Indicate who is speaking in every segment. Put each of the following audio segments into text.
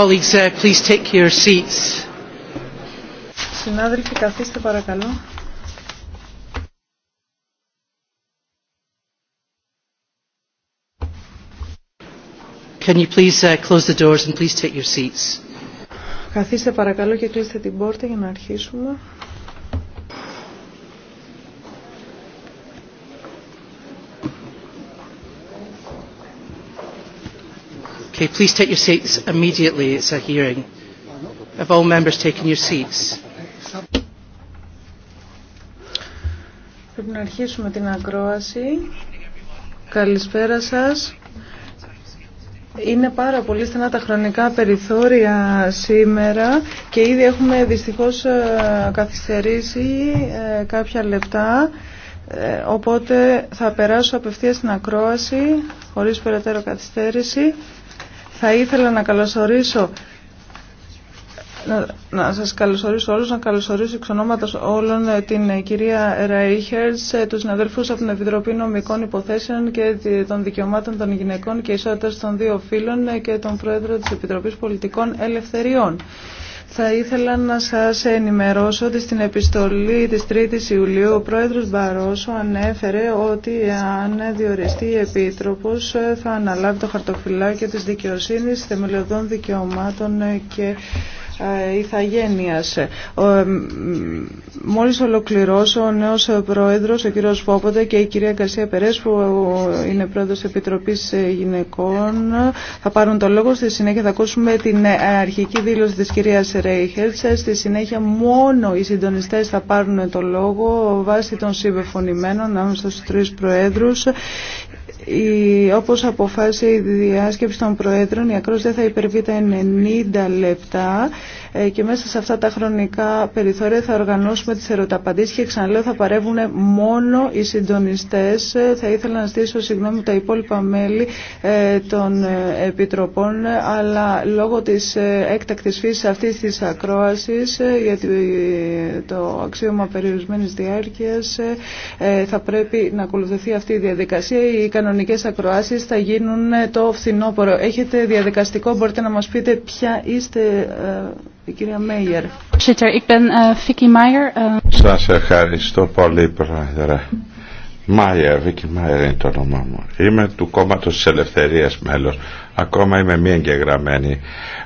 Speaker 1: Colleagues, uh, please take your seats.
Speaker 2: Συνάδελφοι, καθίστε παρακαλώ.
Speaker 3: Can you please uh, close the doors and please take your seats.
Speaker 2: Καθίστε παρακαλώ και κλείστε την πόρτα για να αρχίσουμε.
Speaker 1: Okay, please take your seats immediately. It's a hearing. all members your seats?
Speaker 2: Πρέπει να αρχίσουμε την ακρόαση. Καλησπέρα σας. Είναι πάρα πολύ στενά τα χρονικά περιθώρια σήμερα και ήδη έχουμε δυστυχώς ε, καθυστερήσει ε, κάποια λεπτά. Ε, οπότε θα περάσω απευθείας στην ακρόαση χωρίς περαιτέρω καθυστέρηση. Θα ήθελα να καλωσορίσω να, σας καλωσορίσω όλους, να καλωσορίσω εξ ονόματος όλων ε, την ε, κυρία Ραϊχέρτς, ε, τους συναδελφούς από την Επιτροπή Νομικών Υποθέσεων και των Δικαιωμάτων των Γυναικών και Ισότητας των Δύο φίλων και τον Πρόεδρο της Επιτροπής Πολιτικών Ελευθεριών. Θα ήθελα να σας ενημερώσω ότι στην επιστολή της 3ης Ιουλίου ο πρόεδρος Μπαρόσο ανέφερε ότι αν διοριστεί η Επίτροπος θα αναλάβει το χαρτοφυλάκιο της δικαιοσύνης, θεμελιωδών δικαιωμάτων και ε, η θαγένεια. Ε, μόλις ολοκληρώσω ο νέο πρόεδρος, ο κύριος Φόποτα και η κυρία Καρσία Περές που είναι πρόεδρος Επιτροπής ε, Γυναικών θα πάρουν το λόγο. Στη συνέχεια θα ακούσουμε την αρχική δήλωση της κυρίας Ρέιχελτς. Στη συνέχεια μόνο οι συντονιστές θα πάρουν το λόγο βάσει των συμπεφωνημένων ανάμεσα στους τρεις προέδρους η, όπως αποφάσισε η διάσκεψη των Προέδρων, η ακρόαση δεν θα υπερβεί τα 90 λεπτά. Ε, και μέσα σε αυτά τα χρονικά περιθώρια θα οργανώσουμε τις ερωταπαντήσεις και ξαναλέω θα παρεύουν μόνο οι συντονιστές. Ε, θα ήθελα να στήσω συγγνώμη τα υπόλοιπα μέλη ε, των Επιτροπών αλλά λόγω της έκτακτης φύσης αυτής της ακρόασης για το αξίωμα περιορισμένης διάρκειας θα πρέπει να ακολουθηθεί αυτή η διαδικασία. Οι κανονικές ακροάσεις θα γίνουν το φθινόπωρο. Έχετε διαδικαστικό, μπορείτε να μας πείτε ποια είστε Σα eh,
Speaker 1: eh.
Speaker 3: Σας ευχαριστώ πολύ πρόεδρε. Μάιερ, Βίκη Μάιερ είναι το όνομά μου. Είμαι του κόμματος της Ελευθερίας μέλος. Ακόμα είμαι μη εγγεγραμμένη.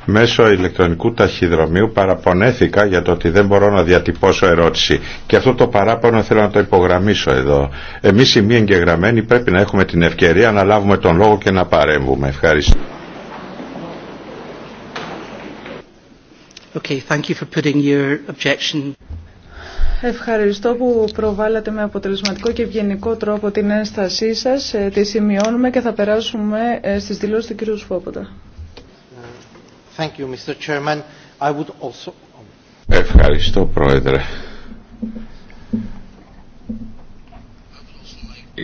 Speaker 3: Μέσω ηλεκτρονικού ταχυδρομείου παραπονέθηκα για το ότι δεν μπορώ να διατυπώσω ερώτηση. Και αυτό το παράπονο θέλω να το υπογραμμίσω εδώ. Εμείς οι μη εγγεγραμμένοι πρέπει να έχουμε την ευκαιρία να λάβουμε τον λόγο και να παρέμβουμε. Ευχαριστώ.
Speaker 2: Ευχαριστώ που προβάλλατε με αποτελεσματικό και ευγενικό τρόπο την ένστασή σας. Ε, τη σημειώνουμε και θα περάσουμε ε, στις δηλώσεις του κ. Σφόποτα.
Speaker 3: Ευχαριστώ, Πρόεδρε.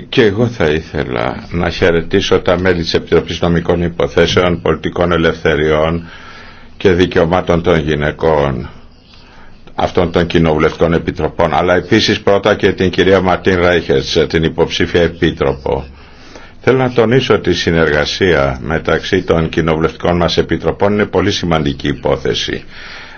Speaker 3: Και εγώ θα ήθελα να χαιρετήσω τα μέλη της Επιτροπής Νομικών Υποθέσεων, Πολιτικών Ελευθεριών, και δικαιωμάτων των γυναικών αυτών των κοινοβουλευτικών επιτροπών αλλά επίσης πρώτα και την κυρία Μαρτίν Ράιχερτς την υποψήφια επίτροπο Θέλω να τονίσω ότι η συνεργασία μεταξύ των κοινοβουλευτικών μας επιτροπών είναι πολύ σημαντική υπόθεση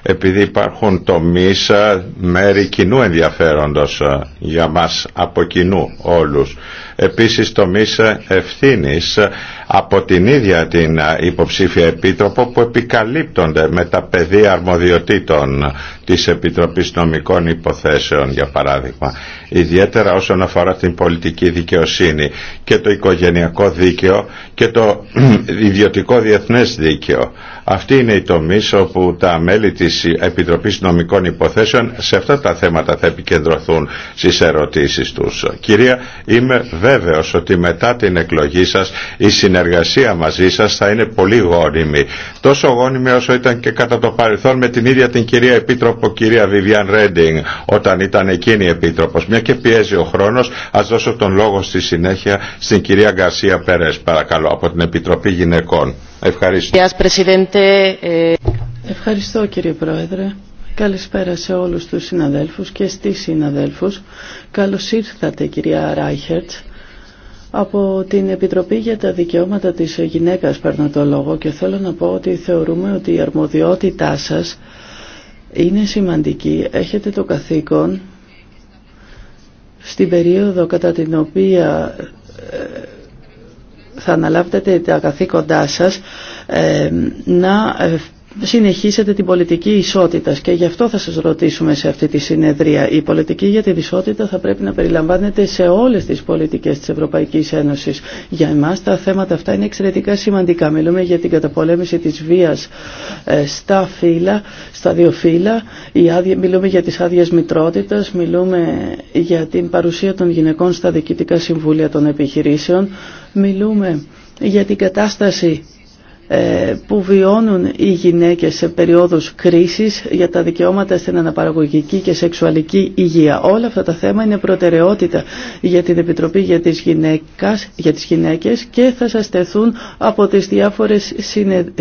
Speaker 3: επειδή υπάρχουν τομείς ε, μέρη κοινού ενδιαφέροντος ε, για μας από κοινού όλους επίσης τομείς ευθύνης από την ίδια την υποψήφια επίτροπο που επικαλύπτονται με τα πεδία αρμοδιοτήτων της Επιτροπής Νομικών Υποθέσεων για παράδειγμα ιδιαίτερα όσον αφορά την πολιτική δικαιοσύνη και το οικογενειακό δίκαιο και το ιδιωτικό διεθνές δίκαιο Αυτή είναι η τομή όπου τα μέλη της Επιτροπής Νομικών Υποθέσεων σε αυτά τα θέματα θα επικεντρωθούν στις ερωτήσεις τους. Κυρία, βέβαιος ότι μετά την εκλογή σας η συνεργασία μαζί σας θα είναι πολύ γόνιμη. Τόσο γόνιμη όσο ήταν και κατά το παρελθόν με την ίδια την κυρία Επίτροπο, κυρία Βιβιάν Ρέντινγκ, όταν ήταν εκείνη η Επίτροπος. Μια και πιέζει ο χρόνος, ας δώσω τον λόγο στη συνέχεια στην κυρία Γκαρσία Πέρες, παρακαλώ, από την Επιτροπή Γυναικών. Ευχαριστώ.
Speaker 1: Ε, Ευχαριστώ κύριε Πρόεδρε. Καλησπέρα σε όλους τους συναδέλφους και στις συναδέλφους. Καλώς ήρθατε κυρία Ράιχερτ. Από την Επιτροπή για τα Δικαιώματα της Γυναίκας παίρνω το λόγο και θέλω να πω ότι θεωρούμε ότι η αρμοδιότητά σας είναι σημαντική. Έχετε το καθήκον στην περίοδο κατά την οποία ε, θα αναλάβετε τα καθήκοντά σας ε, να ε, συνεχίσετε την πολιτική ισότητας και γι' αυτό θα σας ρωτήσουμε σε αυτή τη συνεδρία. Η πολιτική για την ισότητα θα πρέπει να περιλαμβάνεται σε όλες τις πολιτικές της Ευρωπαϊκής Ένωσης. Για εμάς τα θέματα αυτά είναι εξαιρετικά σημαντικά. Μιλούμε για την καταπολέμηση της βίας ε, στα φύλλα, στα δύο φύλλα. Μιλούμε για τις άδειε μητρότητα, μιλούμε για την παρουσία των γυναικών στα διοικητικά συμβούλια των επιχειρήσεων. Μιλούμε για την κατάσταση ε, που βιώνουν οι γυναίκες σε περίοδους κρίσης για τα δικαιώματα στην αναπαραγωγική και σεξουαλική υγεία. Όλα αυτά τα θέματα είναι προτεραιότητα για την Επιτροπή για τις, γυναίκες, για τις γυναίκες και θα σας τεθούν από τις διάφορες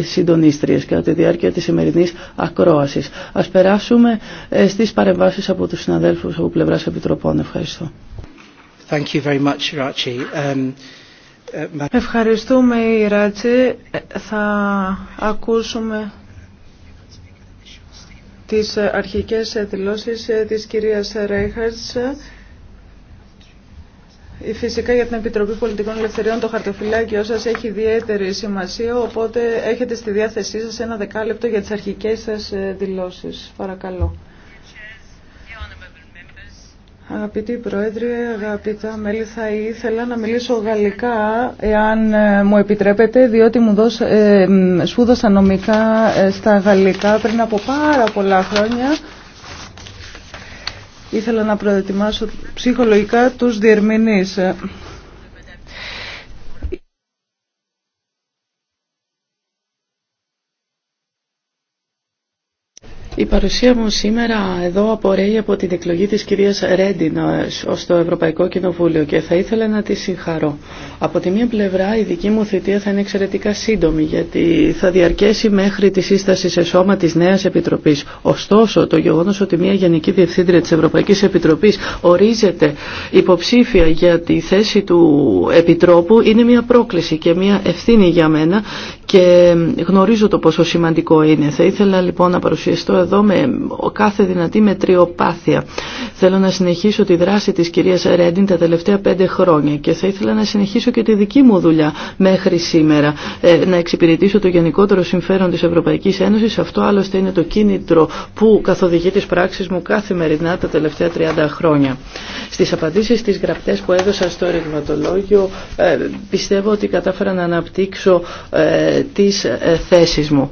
Speaker 1: συντονίστριες κατά τη διάρκεια της σημερινής ακρόασης. Ας περάσουμε ε, στις παρεμβάσεις από τους συναδέλφους από πλευράς Επιτροπών. Ευχαριστώ.
Speaker 3: Thank you very much,
Speaker 2: Ευχαριστούμε η Ράτσι. Θα ακούσουμε τις αρχικές δηλώσεις της κυρίας Ρέιχαρτς. Φυσικά για την Επιτροπή Πολιτικών Ελευθεριών το χαρτοφυλάκιό σας έχει ιδιαίτερη σημασία, οπότε έχετε στη διάθεσή σας ένα δεκάλεπτο για τις αρχικές σας δηλώσεις. Παρακαλώ. Αγαπητοί Πρόεδρε, αγαπητά μέλη, θα ήθελα να μιλήσω γαλλικά, εάν ε, μου επιτρέπετε, διότι μου δώσ, ε, σπούδασα νομικά ε, στα γαλλικά πριν από πάρα πολλά χρόνια. Ήθελα να προετοιμάσω ψυχολογικά τους διερμηνείς.
Speaker 1: Η παρουσία μου σήμερα εδώ απορρέει από την εκλογή της κυρίας Ρέντιν ε, το Ευρωπαϊκό Κοινοβούλιο και θα ήθελα να τη συγχαρώ. Από τη μία πλευρά η δική μου θητεία θα είναι εξαιρετικά σύντομη γιατί θα διαρκέσει μέχρι τη σύσταση σε σώμα της νέας Επιτροπής. Ωστόσο το γεγονός ότι μια Γενική Διευθύντρια της Ευρωπαϊκής Επιτροπής ορίζεται υποψήφια για τη θέση του Επιτρόπου είναι μια πρόκληση και μια ευθύνη για μένα και γνωρίζω το πόσο σημαντικό είναι. Θα ήθελα λοιπόν να παρουσιαστώ εδώ με κάθε δυνατή μετριοπάθεια. Θέλω να συνεχίσω τη δράση της κυρίας Ρέντιν τα τελευταία πέντε χρόνια και θα ήθελα να συνεχίσω και τη δική μου δουλειά μέχρι σήμερα, ε, να εξυπηρετήσω το γενικότερο συμφέρον της Ευρωπαϊκής Ένωσης. Αυτό άλλωστε είναι το κίνητρο που καθοδηγεί τις πράξεις μου καθημερινά τα τελευταία 30 χρόνια. Στις απαντήσεις στις γραπτές που έδωσα στο ρηγματολόγιο ε, πιστεύω ότι κατάφερα να αναπτύξω ε, τις θέσεις μου.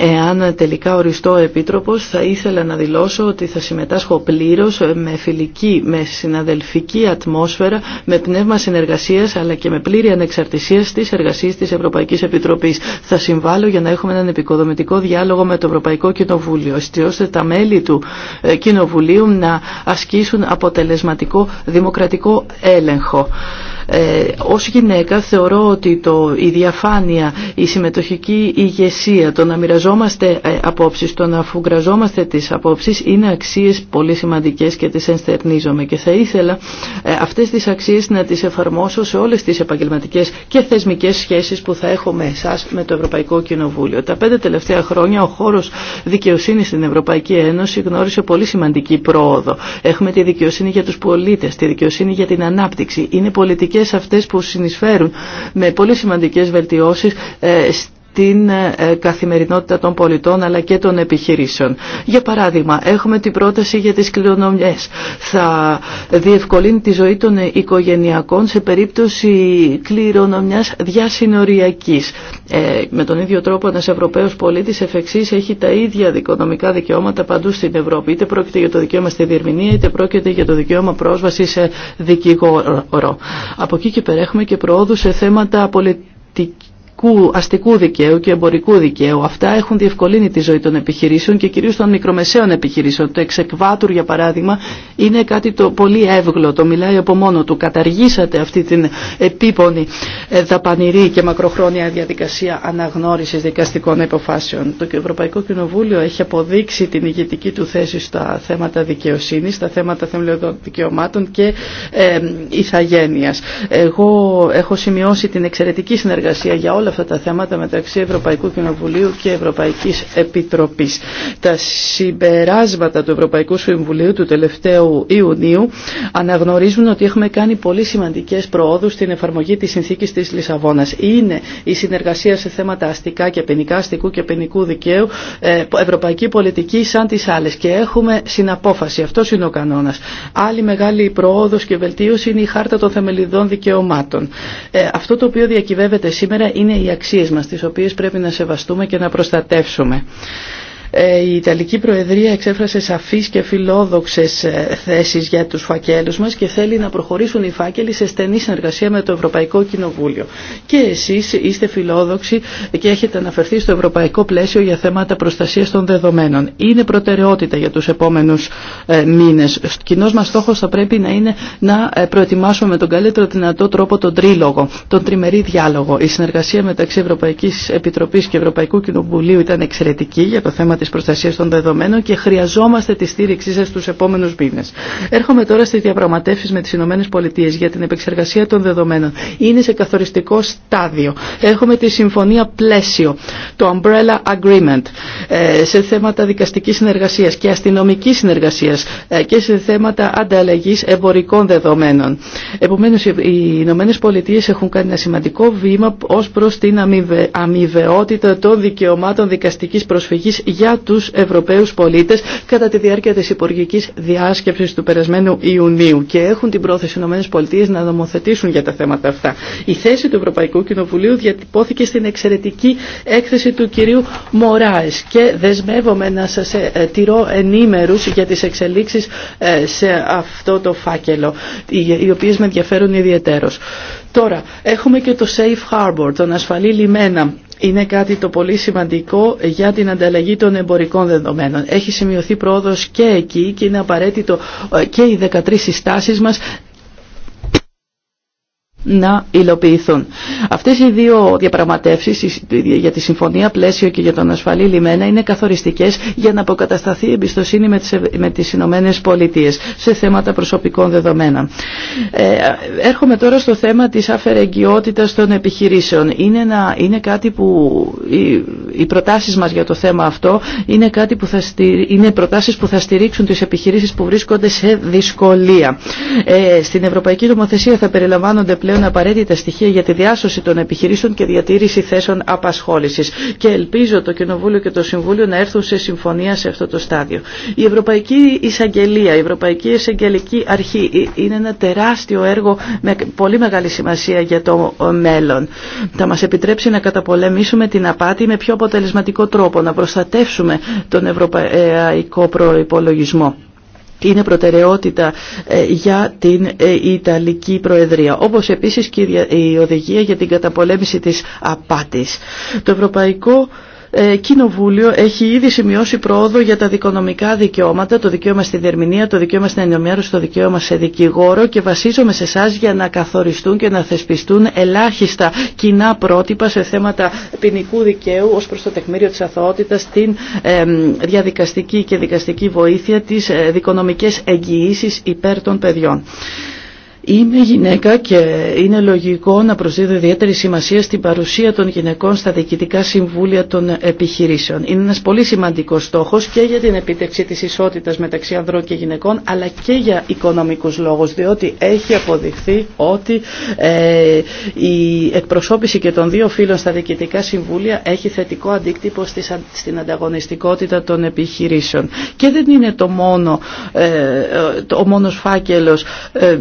Speaker 1: Εάν τελικά οριστώ επί Επίτροπος, θα ήθελα να δηλώσω ότι θα συμμετάσχω πλήρως ε, με φιλική, με συναδελφική ατμόσφαιρα, με πνεύμα συνεργασίας αλλά και με πλήρη ανεξαρτησία στις εργασίες της Ευρωπαϊκής Επιτροπής. Θα συμβάλλω για να έχουμε έναν επικοδομητικό διάλογο με το Ευρωπαϊκό Κοινοβούλιο, ώστε τα μέλη του ε, Κοινοβουλίου να ασκήσουν αποτελεσματικό δημοκρατικό έλεγχο. Ε, ως γυναίκα θεωρώ ότι το, η διαφάνεια, η συμμετοχική ηγεσία, το να μοιραζόμαστε ε, απόψεις, το που γραζόμαστε τις απόψεις είναι αξίες πολύ σημαντικές και τις ενστερνίζομαι και θα ήθελα ε, αυτές τις αξίες να τις εφαρμόσω σε όλες τις επαγγελματικές και θεσμικές σχέσεις που θα έχω με εσάς με το Ευρωπαϊκό Κοινοβούλιο. Τα πέντε τελευταία χρόνια ο χώρος δικαιοσύνης στην Ευρωπαϊκή Ένωση γνώρισε πολύ σημαντική πρόοδο. Έχουμε τη δικαιοσύνη για τους πολίτες, τη δικαιοσύνη για την ανάπτυξη. Είναι πολιτικές αυτές που συνεισφέρουν με πολύ σημαντικές βελτιώσεις ε, την ε, καθημερινότητα των πολιτών αλλά και των επιχειρήσεων. Για παράδειγμα, έχουμε την πρόταση για τις κληρονομιές. Θα διευκολύνει τη ζωή των οικογενειακών σε περίπτωση κληρονομιάς διασυνοριακής. Ε, με τον ίδιο τρόπο ένας Ευρωπαίος πολίτης εφ' εξής έχει τα ίδια δικονομικά δικαιώματα παντού στην Ευρώπη. Είτε πρόκειται για το δικαίωμα στη διερμηνία, είτε πρόκειται για το δικαίωμα πρόσβαση σε δικηγόρο. Από εκεί και πέρα έχουμε και προόδου σε θέματα πολιτική αστικού, αστικού δικαίου και εμπορικού δικαίου. Αυτά έχουν διευκολύνει τη ζωή των επιχειρήσεων και κυρίως των μικρομεσαίων επιχειρήσεων. Το εξεκβάτουρ για παράδειγμα είναι κάτι το πολύ εύγλωτο, μιλάει από μόνο του. Καταργήσατε αυτή την επίπονη ε, δαπανηρή και μακροχρόνια διαδικασία αναγνώρισης δικαστικών υποφάσεων. Το Ευρωπαϊκό Κοινοβούλιο έχει αποδείξει την ηγετική του θέση στα θέματα δικαιοσύνης, στα θέματα θεμελιωδών δικαιωμάτων και ε, Εγώ έχω σημειώσει την εξαιρετική συνεργασία για όλα όλα αυτά τα θέματα μεταξύ Ευρωπαϊκού Κοινοβουλίου και Ευρωπαϊκή Επιτροπή. Τα συμπεράσματα του Ευρωπαϊκού Συμβουλίου του τελευταίου Ιουνίου αναγνωρίζουν ότι έχουμε κάνει πολύ σημαντικές προόδους στην εφαρμογή της συνθήκης της Λισαβόνας. Είναι η συνεργασία σε θέματα αστικά και ποινικά, αστικού και ποινικού δικαίου, ε, ευρωπαϊκή πολιτική σαν τις άλλες και έχουμε συναπόφαση. Αυτό είναι ο κανόνα. Άλλη μεγάλη προόδος και βελτίωση είναι η χάρτα των θεμελιδών δικαιωμάτων. Ε, αυτό το οποίο διακυβεύεται σήμερα είναι οι αξίες μας τις οποίες πρέπει να σεβαστούμε και να προστατεύσουμε. Ε, η Ιταλική Προεδρία εξέφρασε σαφείς και φιλόδοξες ε, θέσεις για τους φακέλους μας και θέλει να προχωρήσουν οι φάκελοι σε στενή συνεργασία με το Ευρωπαϊκό Κοινοβούλιο. Και εσείς είστε φιλόδοξοι και έχετε αναφερθεί στο ευρωπαϊκό πλαίσιο για θέματα προστασίας των δεδομένων. Είναι προτεραιότητα για τους επόμενους ε, μήνες. κοινός μας στόχος θα πρέπει να είναι να προετοιμάσουμε με τον καλύτερο δυνατό τρόπο τον τρίλογο, τον τριμερή διάλογο. Η συνεργασία μεταξύ Ευρωπαϊκής Επιτροπής και Ευρωπαϊκού Κοινοβουλίου ήταν εξαιρετική για το θέμα Τη προστασία των δεδομένων και χρειαζόμαστε τη στήριξή σας στους επόμενους μήνες. Έρχομαι τώρα στις διαπραγματεύσεις με τις Ηνωμένες Πολιτείες για την επεξεργασία των δεδομένων. Είναι σε καθοριστικό στάδιο. Έχουμε τη συμφωνία πλαίσιο, το Umbrella Agreement, ε, σε θέματα δικαστικής συνεργασίας και αστυνομικής συνεργασίας ε, και σε θέματα ανταλλαγής εμπορικών δεδομένων. Επομένως, οι Ηνωμένε Πολιτείε έχουν κάνει ένα σημαντικό βήμα ω προ την αμοιβαιότητα των δικαιωμάτων δικαστική προσφυγή. για για τους Ευρωπαίους πολίτες κατά τη διάρκεια της υπουργικής διάσκεψης του περασμένου Ιουνίου και έχουν την πρόθεση οι ΗΠΑ να νομοθετήσουν για τα θέματα αυτά. Η θέση του Ευρωπαϊκού Κοινοβουλίου διατυπώθηκε στην εξαιρετική έκθεση του κυρίου Μωράες και δεσμεύομαι να σας ε, ε, τηρώ ενήμερους για τις εξελίξεις ε, σε αυτό το φάκελο, οι οποίες με ενδιαφέρουν ιδιαίτερως. Τώρα, έχουμε και το Safe Harbor, τον ασφαλή λιμένα είναι κάτι το πολύ σημαντικό για την ανταλλαγή των εμπορικών δεδομένων. Έχει σημειωθεί πρόοδος και εκεί και είναι απαραίτητο ε, και οι 13 συστάσεις μας να υλοποιηθούν. Αυτές οι δύο διαπραγματεύσεις για τη συμφωνία πλαίσιο και για τον ασφαλή λιμένα είναι καθοριστικές για να αποκατασταθεί η εμπιστοσύνη με τις, Ηνωμένε Πολιτείες σε θέματα προσωπικών δεδομένων. Ε, έρχομαι τώρα στο θέμα της αφαιρεγγιότητας των επιχειρήσεων. Είναι, ένα, είναι κάτι που οι, οι προτάσεις μας για το θέμα αυτό είναι, κάτι που θα στηρί, είναι προτάσεις που θα στηρίξουν τις επιχειρήσεις που βρίσκονται σε δυσκολία. Ε, στην Ευρωπαϊκή Νομοθεσία θα περιλαμβάνονται πλέον απαραίτητα στοιχεία για τη διάσωση των επιχειρήσεων και διατήρηση θέσεων απασχόλησης. Και ελπίζω το Κοινοβούλιο και το Συμβούλιο να έρθουν σε συμφωνία σε αυτό το στάδιο. Η Ευρωπαϊκή Εισαγγελία, η Ευρωπαϊκή Εισαγγελική Αρχή ε, είναι ένα τεράστιο έργο με πολύ μεγάλη σημασία για το ε, μέλλον. Θα μας επιτρέψει να καταπολεμήσουμε την απάτη με πιο αποτελεσματικό τρόπο, να προστατεύσουμε τον ευρωπαϊκό προπολογισμό είναι προτεραιότητα ε, για την ε, Ιταλική Προεδρία. Όπως επίσης και η οδηγία για την καταπολέμηση της απάτης. Το Ευρωπαϊκό ε, Κοινοβούλιο έχει ήδη σημειώσει πρόοδο για τα δικονομικά δικαιώματα, το δικαίωμα στη διερμηνία, το δικαίωμα στην ενημέρωση, το δικαίωμα σε δικηγόρο και βασίζομαι σε εσά για να καθοριστούν και να θεσπιστούν ελάχιστα κοινά πρότυπα σε θέματα ποινικού δικαίου ω προ το τεκμήριο τη αθωότητα, την διαδικαστική και δικαστική βοήθεια, τι ε, δικονομικέ εγγυήσει υπέρ των παιδιών. Είμαι γυναίκα και είναι λογικό να προσδίδω ιδιαίτερη σημασία στην παρουσία των γυναικών στα διοικητικά συμβούλια των επιχειρήσεων. Είναι ένας πολύ σημαντικός στόχος και για την επίτευξη της ισότητας μεταξύ ανδρών και γυναικών αλλά και για οικονομικούς λόγους διότι έχει αποδειχθεί ότι ε, η εκπροσώπηση και των δύο φύλων στα διοικητικά συμβούλια έχει θετικό αντίκτυπο στην ανταγωνιστικότητα των επιχειρήσεων. Και δεν είναι το μόνο, ε, ε το, ο μόνος ε,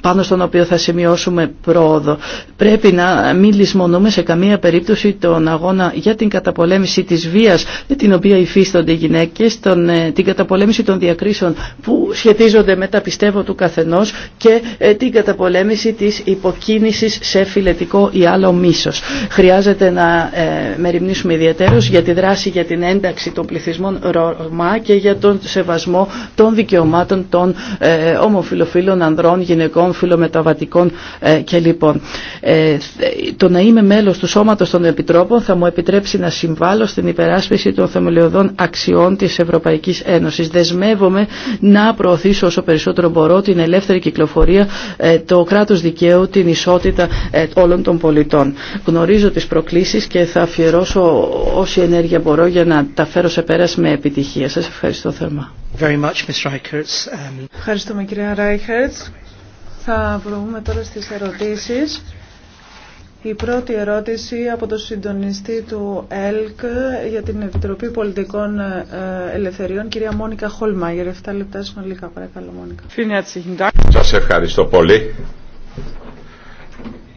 Speaker 1: πάνω στον οποίο θα σημειώσουμε πρόοδο. Πρέπει να μην λησμονούμε σε καμία περίπτωση τον αγώνα για την καταπολέμηση της βίας με την οποία υφίστονται οι γυναίκες, τον, ε, την καταπολέμηση των διακρίσεων που σχετίζονται με τα πιστεύω του καθενός και ε, την καταπολέμηση της υποκίνησης σε φιλετικό ή άλλο μίσος. Χρειάζεται να ε, μεριμνήσουμε ιδιαίτερως για τη δράση για την ένταξη των πληθυσμών Ρωμά και για τον σεβασμό των δικαιωμάτων των ε, ομοφιλοφίλων ανδρών, γυναικών φιλομεταβατικών ε, και λοιπόν. Ε, το να είμαι μέλος του Σώματος των Επιτρόπων θα μου επιτρέψει να συμβάλλω στην υπεράσπιση των θεμελιωδών αξιών της Ευρωπαϊκής Ένωσης. Δεσμεύομαι να προωθήσω όσο περισσότερο μπορώ την ελεύθερη κυκλοφορία, ε, το κράτος δικαίου, την ισότητα όλων των πολιτών. Γνωρίζω τις προκλήσεις και θα αφιερώσω όση ενέργεια μπορώ για να τα φέρω σε πέρας με επιτυχία. Σας ευχαριστώ θερμά. Very much,
Speaker 2: Ευχαριστούμε κυρία θα προβούμε τώρα στις ερωτήσεις. Η πρώτη ερώτηση από τον συντονιστή του ΕΛΚ για την Επιτροπή Πολιτικών ε, Ελευθεριών, κυρία Μόνικα Χολμά. 7 λεπτά συνολικά, παρακαλώ Μόνικα.
Speaker 3: Σας ευχαριστώ πολύ.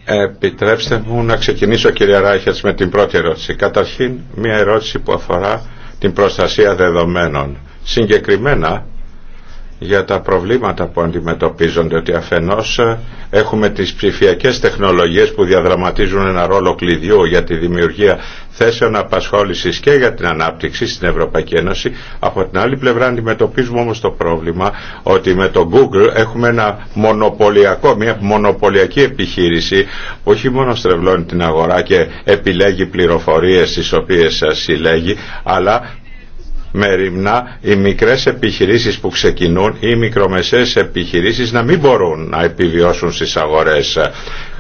Speaker 3: Επιτρέψτε μου να ξεκινήσω κυρία Ράχερς, με την πρώτη ερώτηση. Καταρχήν μια ερώτηση που αφορά την προστασία δεδομένων. Συγκεκριμένα για τα προβλήματα που αντιμετωπίζονται ότι αφενός ε, έχουμε τις ψηφιακές τεχνολογίες που διαδραματίζουν ένα ρόλο κλειδιού για τη δημιουργία θέσεων απασχόλησης και για την ανάπτυξη στην Ευρωπαϊκή Ένωση. Από την άλλη πλευρά αντιμετωπίζουμε όμως το πρόβλημα ότι με το Google έχουμε ένα μονοπωλιακό, μια μονοπωλιακή επιχείρηση που όχι μόνο στρεβλώνει την αγορά και επιλέγει πληροφορίες τις οποίες ε, συλλέγει αλλά μεριμνά οι μικρές επιχειρήσεις που ξεκινούν ή οι μικρομεσαίες επιχειρήσεις να μην μπορούν να επιβιώσουν στις αγορές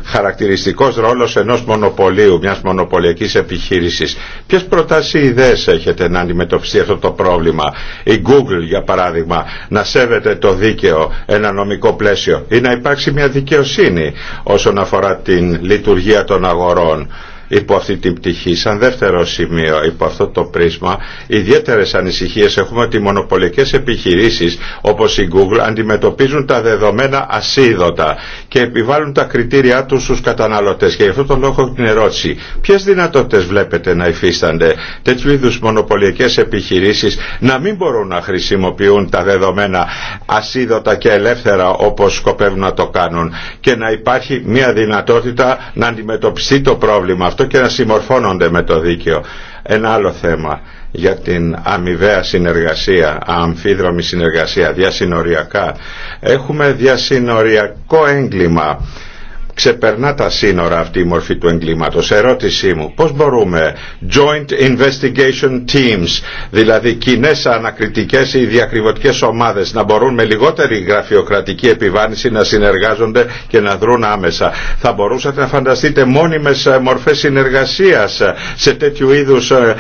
Speaker 3: χαρακτηριστικός ρόλος ενός μονοπωλίου, μιας μονοπωλιακής επιχείρησης. Ποιες προτάσεις ή ιδέες έχετε να αντιμετωπιστεί αυτό το πρόβλημα. Η Google για παράδειγμα να σέβεται το δίκαιο, ένα νομικό πλαίσιο ή να υπάρξει μια δικαιοσύνη όσον αφορά την λειτουργία των αγορών υπό αυτή την πτυχή. Σαν δεύτερο σημείο υπό αυτό το πρίσμα, ιδιαίτερες ανησυχίες έχουμε ότι οι μονοπωλικές επιχειρήσεις όπως η Google αντιμετωπίζουν τα δεδομένα ασίδωτα και επιβάλλουν τα κριτήριά τους στους καταναλωτές. Και γι' αυτό τον λόγο έχω την ερώτηση. Ποιες δυνατότητες βλέπετε να υφίστανται τέτοιου είδους μονοπωλικές επιχειρήσεις να μην μπορούν να χρησιμοποιούν τα δεδομένα ασίδωτα και ελεύθερα όπως σκοπεύουν να το κάνουν και να υπάρχει μια δυνατότητα να αντιμετωπιστεί το πρόβλημα αυτό και να συμμορφώνονται με το δίκαιο. Ένα άλλο θέμα για την αμοιβαία συνεργασία, αμφίδρομη συνεργασία, διασυνοριακά. Έχουμε διασυνοριακό έγκλημα ξεπερνά τα σύνορα αυτή η μορφή του εγκλήματος. Ερώτησή μου, πώς μπορούμε joint investigation teams, δηλαδή κοινέ ανακριτικές ή διακριβωτικές ομάδες να μπορούν με λιγότερη γραφειοκρατική επιβάρυνση να συνεργάζονται και να δρουν άμεσα. Θα μπορούσατε να φανταστείτε μόνιμες ε, μορφές συνεργασίας ε, σε τέτοιου είδους ε,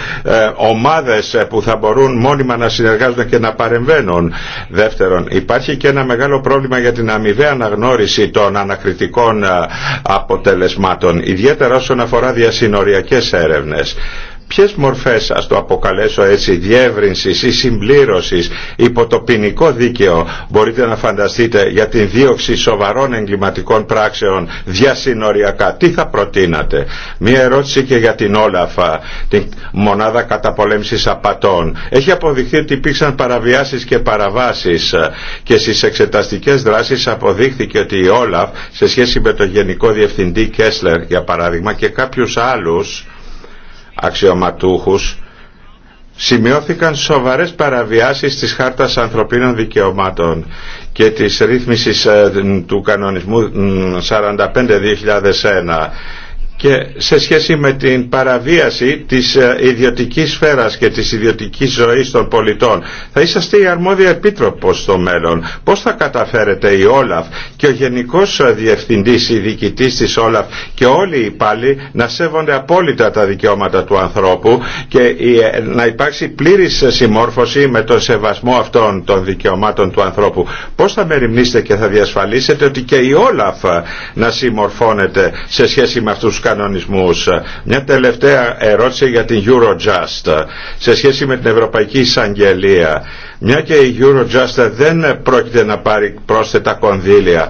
Speaker 3: ομάδες που θα μπορούν μόνιμα να συνεργάζονται και να παρεμβαίνουν. Δεύτερον, υπάρχει και ένα μεγάλο πρόβλημα για την αμοιβαία αναγνώριση των ανακριτικών αποτελεσμάτων, ιδιαίτερα όσον αφορά διασυνοριακές έρευνες ποιες μορφές, ας το αποκαλέσω έτσι, διεύρυνσης ή συμπλήρωσης υπό το ποινικό δίκαιο μπορείτε να φανταστείτε για την δίωξη σοβαρών εγκληματικών πράξεων διασυνοριακά. Τι θα προτείνατε. Μία ερώτηση και για την Όλαφα, την μονάδα καταπολέμησης απατών. Έχει αποδειχθεί ότι υπήρξαν παραβιάσεις και παραβάσεις και στις εξεταστικές δράσεις αποδείχθηκε ότι η Όλαφ σε σχέση με τον Γενικό Διευθυντή Κέσλερ για παράδειγμα και κάποιου άλλου αξιωματούχους σημειώθηκαν σοβαρές παραβιάσεις της Χάρτας Ανθρωπίνων Δικαιωμάτων και της ρύθμισης ε, του κανονισμού 45-2001 και σε σχέση με την παραβίαση της ε, ιδιωτικής σφαίρας και της ιδιωτικής ζωής των πολιτών. Θα είσαστε η αρμόδια επίτροπος στο μέλλον. Πώς θα καταφέρετε η Όλαφ και ο Γενικός Διευθυντής, η Διοικητής της Όλαφ και όλοι οι υπάλληλοι να σέβονται απόλυτα τα δικαιώματα του ανθρώπου και ε, να υπάρξει πλήρης συμμόρφωση με τον σεβασμό αυτών των δικαιωμάτων του ανθρώπου. Πώς θα μεριμνήσετε και θα διασφαλίσετε ότι και η Όλαφ να συμμορφώνεται σε σχέση με αυτούς κανονισμούς. Μια τελευταία ερώτηση για την Eurojust σε σχέση με την Ευρωπαϊκή Εισαγγελία. Μια και η Eurojust δεν πρόκειται να πάρει πρόσθετα κονδύλια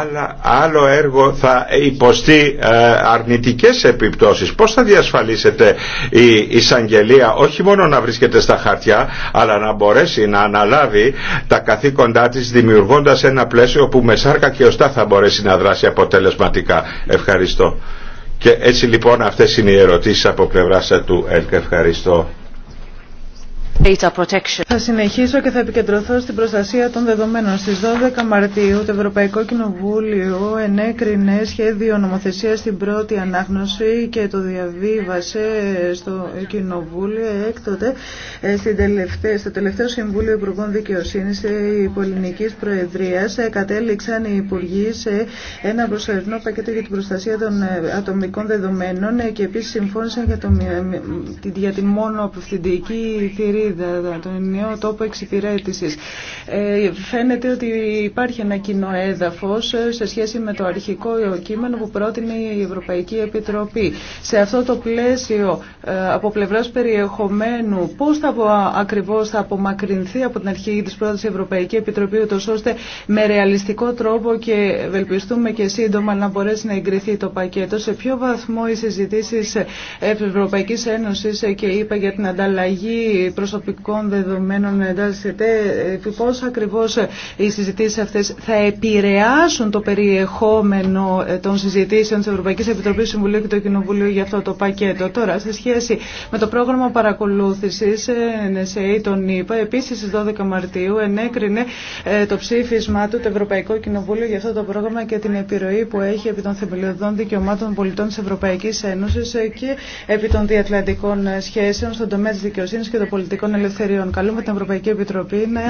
Speaker 3: αλλά άλλο έργο θα υποστεί ε, αρνητικές επιπτώσεις. Πώς θα διασφαλίσετε η εισαγγελία όχι μόνο να βρίσκεται στα χαρτιά αλλά να μπορέσει να αναλάβει τα καθήκοντά της δημιουργώντας ένα πλαίσιο που με σάρκα και οστά θα μπορέσει να δράσει αποτελεσματικά. Ευχαριστώ. Και έτσι λοιπόν αυτές είναι οι ερωτήσεις από πλευρά του ΕΛΚ. Ευχαριστώ.
Speaker 2: Θα συνεχίσω και θα επικεντρωθώ στην προστασία των δεδομένων. Στις 12 Μαρτίου το Ευρωπαϊκό Κοινοβούλιο ενέκρινε σχέδιο νομοθεσία στην πρώτη ανάγνωση και το διαβίβασε στο Κοινοβούλιο έκτοτε ε, στο τελευταίο Συμβούλιο Υπουργών Δικαιοσύνη η Πολυνική Προεδρία ε, κατέληξαν οι Υπουργοί σε ένα προσωρινό πακέτο για την προστασία των ε, ατομικών δεδομένων και επίση συμφώνησαν για, το, για τη μόνο απευθυντική το τον ενιαίο τόπο εξυπηρέτησης. Ε, φαίνεται ότι υπάρχει ένα κοινό έδαφος ε, σε σχέση με το αρχικό κείμενο που πρότεινε η Ευρωπαϊκή Επιτροπή. Σε αυτό το πλαίσιο ε, από πλευράς περιεχομένου πώς θα, ακριβώς θα απομακρυνθεί από την αρχή της πρότασης Ευρωπαϊκή Επιτροπή ώστε με ρεαλιστικό τρόπο και ευελπιστούμε και σύντομα να μπορέσει να εγκριθεί το πακέτο. Σε ποιο βαθμό οι συζητήσεις Ευρωπαϊκής Ένωσης και είπα για την ανταλλαγή προς προσωπικών δεδομένων εντάσσεται, πώς ακριβώς οι συζητήσεις αυτές θα επηρεάσουν το περιεχόμενο ε, των συζητήσεων της Ευρωπαϊκής Επιτροπής Συμβουλίου και του Κοινοβουλίου για αυτό το πακέτο. Τώρα, σε σχέση με το πρόγραμμα παρακολούθησης NSA, ε, τον ΗΠΑ, επίσης στις 12 Μαρτίου ενέκρινε ε, το ψήφισμά του το Ευρωπαϊκό Κοινοβούλιο για αυτό το πρόγραμμα και την επιρροή που έχει επί των θεμελιωδών δικαιωμάτων πολιτών της Ευρωπαϊκής Ένωσης και επί των διατλαντικών σχέσεων στον τομέα της δικαιοσύνης και των πολιτικών πολιτικών ελευθεριών. Καλούμε την Ευρωπαϊκή Επιτροπή να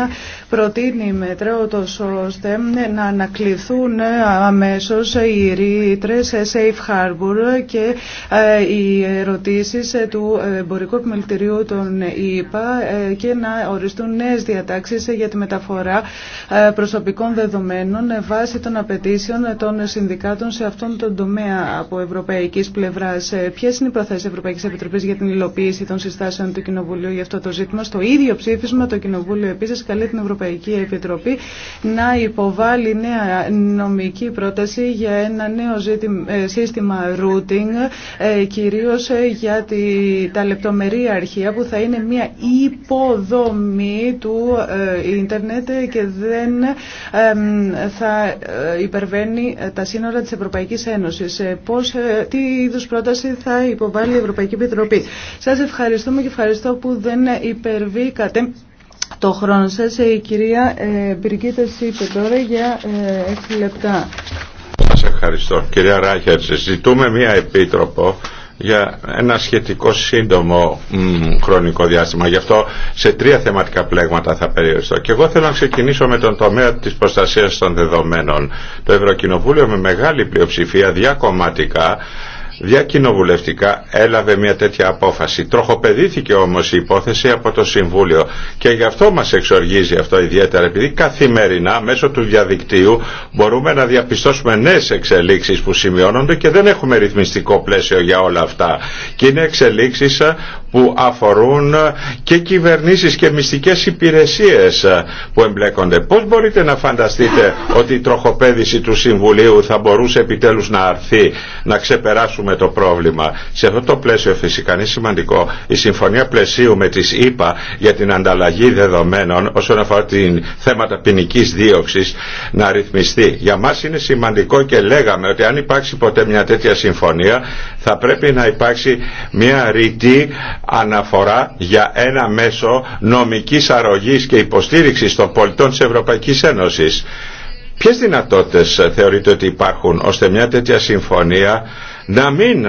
Speaker 2: προτείνει μέτρα ούτως ώστε να ανακληθούν αμέσως οι ρήτρε σε safe harbor και ε, οι ερωτήσεις του εμπορικού επιμελητηρίου των ΙΠΑ ε, και να οριστούν νέες διατάξεις για τη μεταφορά ε, προσωπικών δεδομένων βάσει των απαιτήσεων των συνδικάτων σε αυτόν τον τομέα από ευρωπαϊκής πλευράς. Ποιες είναι οι προθέσεις Ευρωπαϊκής Επιτροπής για την υλοποίηση των συστάσεων του Κοινοβουλίου για αυτό το ζήτημα ζήτημα. Στο ίδιο ψήφισμα το Κοινοβούλιο επίσης καλεί την Ευρωπαϊκή Επιτροπή να υποβάλει νέα νομική πρόταση για ένα νέο ε, σύστημα routing, ε, κυρίως ε, για τα λεπτομερή αρχεία που θα είναι μια υποδομή του ίντερνετ και δεν θα υπερβαίνει τα σύνορα της Ευρωπαϊκής Ένωσης. Πώς, τι είδους πρόταση θα υποβάλει η Ευρωπαϊκή Επιτροπή. Σας ευχαριστούμε και ευχαριστώ που δεν υπερβήκατε το χρόνο σας. Ε, η κυρία ε, είπε τώρα για ε, 6 λεπτά.
Speaker 3: Σας ευχαριστώ. Κυρία Ράχερ, ζητούμε μία επίτροπο για ένα σχετικό σύντομο χρονικό διάστημα. Γι' αυτό σε τρία θεματικά πλέγματα θα περιοριστώ. Και εγώ θέλω να ξεκινήσω με τον τομέα της προστασίας των δεδομένων. Το Ευρωκοινοβούλιο με μεγάλη πλειοψηφία διακομματικά διακοινοβουλευτικά έλαβε μια τέτοια απόφαση. Τροχοπεδήθηκε όμως η υπόθεση από το Συμβούλιο και γι' αυτό μας εξοργίζει αυτό ιδιαίτερα επειδή καθημερινά μέσω του διαδικτύου μπορούμε να διαπιστώσουμε νέες εξελίξεις που σημειώνονται και δεν έχουμε ρυθμιστικό πλαίσιο για όλα αυτά. Και είναι εξελίξεις ε, που αφορούν ε, και κυβερνήσεις και μυστικές υπηρεσίες ε, που εμπλέκονται. Πώς μπορείτε να φανταστείτε ότι η τροχοπέδηση του Συμβουλίου θα μπορούσε επιτέλους να αρθεί, να ξεπεράσουμε με το πρόβλημα. Σε αυτό το πλαίσιο φυσικά είναι σημαντικό η συμφωνία πλαισίου με τις ΗΠΑ για την ανταλλαγή δεδομένων όσον αφορά την θέματα ποινική δίωξη να ρυθμιστεί. Για μας είναι σημαντικό και λέγαμε ότι αν υπάρξει ποτέ μια τέτοια συμφωνία θα πρέπει να υπάρξει μια ρητή αναφορά για ένα μέσο νομικής αρρωγής και υποστήριξης των πολιτών της Ευρωπαϊκής Ένωσης. Ποιες δυνατότητες θεωρείτε ότι υπάρχουν ώστε μια τέτοια συμφωνία να μην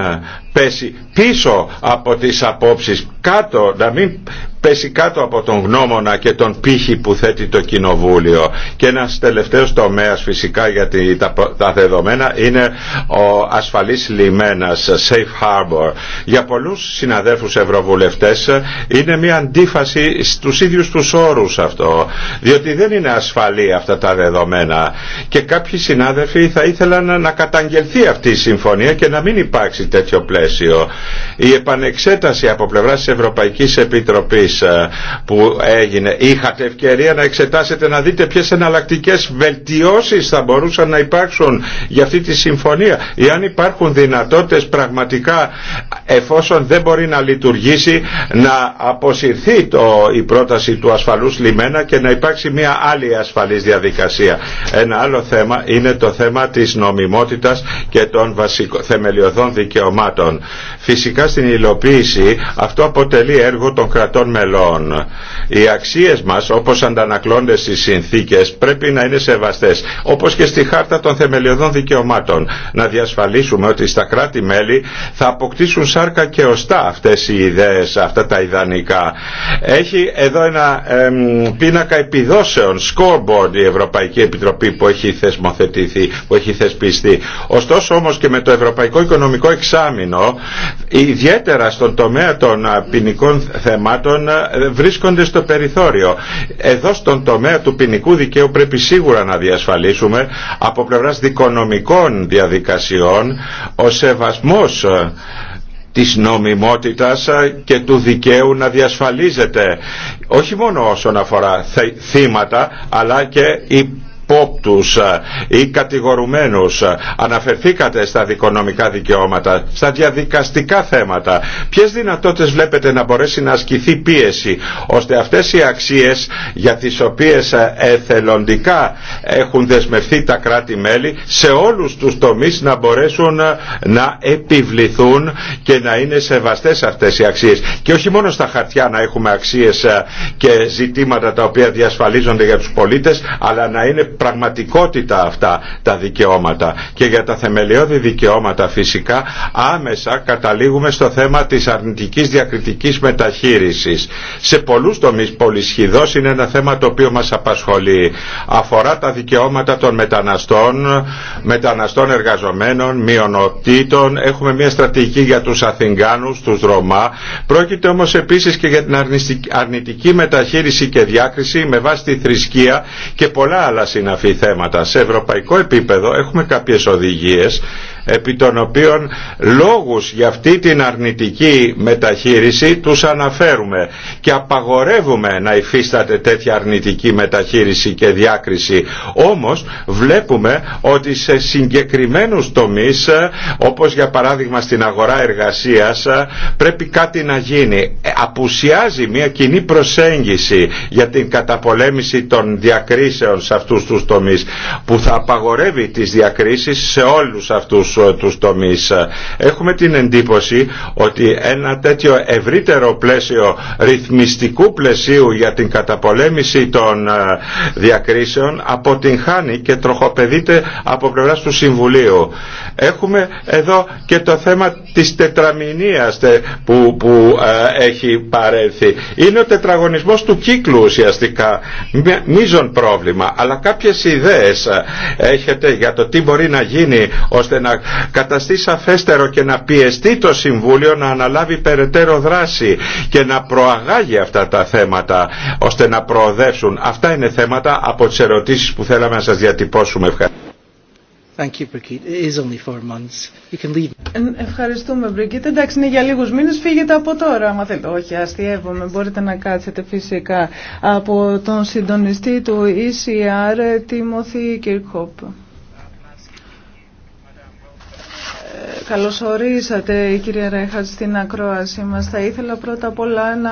Speaker 3: πέσει πίσω από τις απόψεις, κάτω, να μην πέσει κάτω από τον γνώμονα και τον πύχη που θέτει το Κοινοβούλιο. Και ένας τελευταίος τομέας φυσικά για τα, τα δεδομένα είναι ο ασφαλής λιμένας, safe harbor. Για πολλούς συναδέλφους ευρωβουλευτές είναι μια αντίφαση στους ίδιους τους όρους αυτό, διότι δεν είναι ασφαλή αυτά τα δεδομένα. Και κάποιοι συνάδελφοι θα ήθελαν να καταγγελθεί αυτή η συμφωνία και να μην υπάρξει τέτοιο πλαίσιο. Η επανεξέταση από πλευρά τη Ευρωπαϊκή Επιτροπή ε, που έγινε, είχατε ευκαιρία να εξετάσετε να δείτε ποιε εναλλακτικέ βελτιώσει θα μπορούσαν να υπάρξουν για αυτή τη συμφωνία ή αν υπάρχουν δυνατότητε πραγματικά εφόσον δεν μπορεί να λειτουργήσει να αποσυρθεί το, η πρόταση του ασφαλούς λιμένα και να υπάρξει μια άλλη ασφαλή διαδικασία. Ένα άλλο θέμα είναι το θέμα της νομιμότητας και των θεμελιωδών δικαιωμάτων. Φυσικά στην υλοποίηση αυτό αποτελεί έργο των κρατών μελών. Οι αξίες μας όπως αντανακλώνται στις συνθήκες πρέπει να είναι σεβαστές όπως και στη Χάρτα των Θεμελιωδών Δικαιωμάτων. Να διασφαλίσουμε ότι στα κράτη-μέλη θα αποκτήσουν σάρκα και οστά αυτές οι ιδέες, αυτά τα ιδανικά. Έχει εδώ ένα πίνακα επιδόσεων, scoreboard η Ευρωπαϊκή Επιτροπή που έχει θεσμοθετηθεί, που έχει θεσπιστεί. Ωστόσο όμως και με το Ευρωπαϊκό Οικονομικό Εξάμεινο ιδιαίτερα στον τομέα των ποινικών θεμάτων βρίσκονται στο περιθώριο. Εδώ στον τομέα του ποινικού δικαίου πρέπει σίγουρα να διασφαλίσουμε από πλευράς δικονομικών διαδικασιών ο σεβασμός της νομιμότητας και του δικαίου να διασφαλίζεται όχι μόνο όσον αφορά θύματα αλλά και οι υπόπτους ε, ή κατηγορουμένους. Ε, αναφερθήκατε στα δικονομικά δικαιώματα, στα διαδικαστικά θέματα. Ποιες δυνατότητες βλέπετε να μπορέσει να ασκηθεί πίεση ώστε αυτές οι αξίες για τις οποίες ε, εθελοντικά έχουν δεσμευθεί τα κράτη-μέλη σε όλους τους τομείς να μπορέσουν να επιβληθούν και να είναι σεβαστές αυτές οι αξίες. Και όχι μόνο στα χαρτιά να έχουμε αξίες και ζητήματα τα οποία διασφαλίζονται για τους πολίτες αλλά να είναι πραγματικότητα αυτά τα δικαιώματα. Και για τα θεμελιώδη δικαιώματα φυσικά άμεσα καταλήγουμε στο θέμα της αρνητικής διακριτικής μεταχείρισης. Σε πολλούς τομείς πολυσχηδός είναι ένα θέμα το οποίο μας απασχολεί. Αφορά τα δικαιώματα των μεταναστών, μεταναστών εργαζομένων, μειονοτήτων. Έχουμε μια στρατηγική για τους Αθηγάνους, τους Ρωμά. Πρόκειται όμως επίσης και για την αρνητική μεταχείριση και διάκριση με βάση τη θρησκεία και πολλά άλλα σε ευρωπαϊκό επίπεδο έχουμε κάποιες οδηγίες επί των οποίων λόγους για αυτή την αρνητική μεταχείριση τους αναφέρουμε και απαγορεύουμε να υφίσταται τέτοια αρνητική μεταχείριση και διάκριση. Όμως βλέπουμε ότι σε συγκεκριμένους τομείς ε, όπως για παράδειγμα στην αγορά εργασίας ε, πρέπει κάτι να γίνει. Ε, απουσιάζει μια κοινή προσέγγιση για την καταπολέμηση των διακρίσεων σε αυτούς τους τομείς που θα απαγορεύει τις διακρίσεις σε όλους αυτούς τους τομείς. Έχουμε την εντύπωση ότι ένα τέτοιο ευρύτερο πλαίσιο ρυθμιστικού πλαισίου για την καταπολέμηση των ε, διακρίσεων αποτυγχάνει και τροχοπεδείται από πλευρά του Συμβουλίου. Έχουμε εδώ και το θέμα της τετραμηνίας που, που ε, έχει παρέλθει. Είναι ο τετραγωνισμός του κύκλου ουσιαστικά. Μίζον πρόβλημα. Αλλά κάποιες ιδέες ε, έχετε για το τι μπορεί να γίνει ώστε να καταστεί σαφέστερο και να πιεστεί το Συμβούλιο να αναλάβει περαιτέρω δράση και να προαγάγει αυτά τα θέματα ώστε να προοδεύσουν. Αυτά είναι θέματα από τις ερωτήσεις που θέλαμε να σας διατυπώσουμε.
Speaker 2: Ευχαριστούμε, Μπριγκίτ. Εντάξει, είναι για λίγους μήνες. Φύγετε από τώρα, άμα θέλετε. Όχι, αστείευομαι. Μπορείτε να κάτσετε φυσικά από τον συντονιστή του ECR, Τίμωθη Κυρκόπ. Καλώς ορίσατε κύριε Ρέχατ στην ακρόαση μας. Θα ήθελα πρώτα απ' όλα να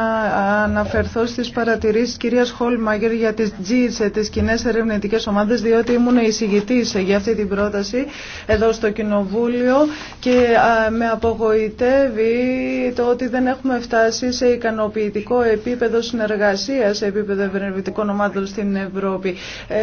Speaker 2: αναφερθώ στις παρατηρήσεις κυρίας Χόλμαγκερ για τις GIS, τις κοινέ ερευνητικέ ομάδες, διότι ήμουν εισηγητής για αυτή την πρόταση εδώ στο Κοινοβούλιο και με απογοητεύει το ότι δεν έχουμε φτάσει σε ικανοποιητικό επίπεδο συνεργασίας σε επίπεδο ερευνητικών ομάδων στην Ευρώπη. Ε,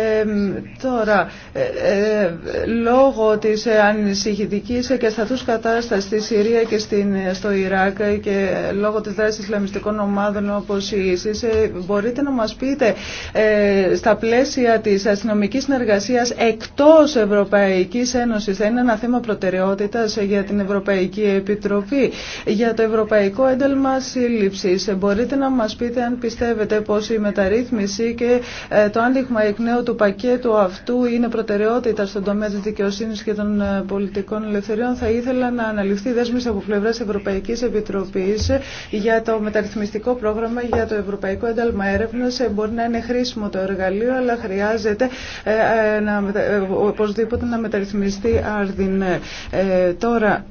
Speaker 2: τώρα, ε, ε, λόγω της ανησυχητικής και σταθούς κατάσταση στη Συρία και στην, στο Ιράκ και λόγω της δράσης Ισλαμιστικών ομάδων όπως η ΙΣΙΣ ε, μπορείτε να μας πείτε ε, στα πλαίσια της αστυνομικής συνεργασίας εκτός Ευρωπαϊκής Ένωσης θα είναι ένα θέμα προτεραιότητας για την Ευρωπαϊκή Επιτροπή για το Ευρωπαϊκό Ένταλμα Σύλληψης. Μπορείτε να μας πείτε αν πιστεύετε πως η μεταρρύθμιση και ε, το άνοιγμα εκ νέου του πακέτου αυτού είναι προτεραιότητα στον τομέα της δικαιοσύνης και των ε, πολιτικών ελευθεριών. Θα ήθελα να αναλυφθεί η από πλευρά Ευρωπαϊκή Επιτροπή για το μεταρρυθμιστικό πρόγραμμα για το Ευρωπαϊκό Ένταλμα Έρευνα. Ε, μπορεί να είναι χρήσιμο το εργαλείο, αλλά χρειάζεται ε, ε, να, οπωσδήποτε να μεταρρυθμιστεί άρδιν. τώρα,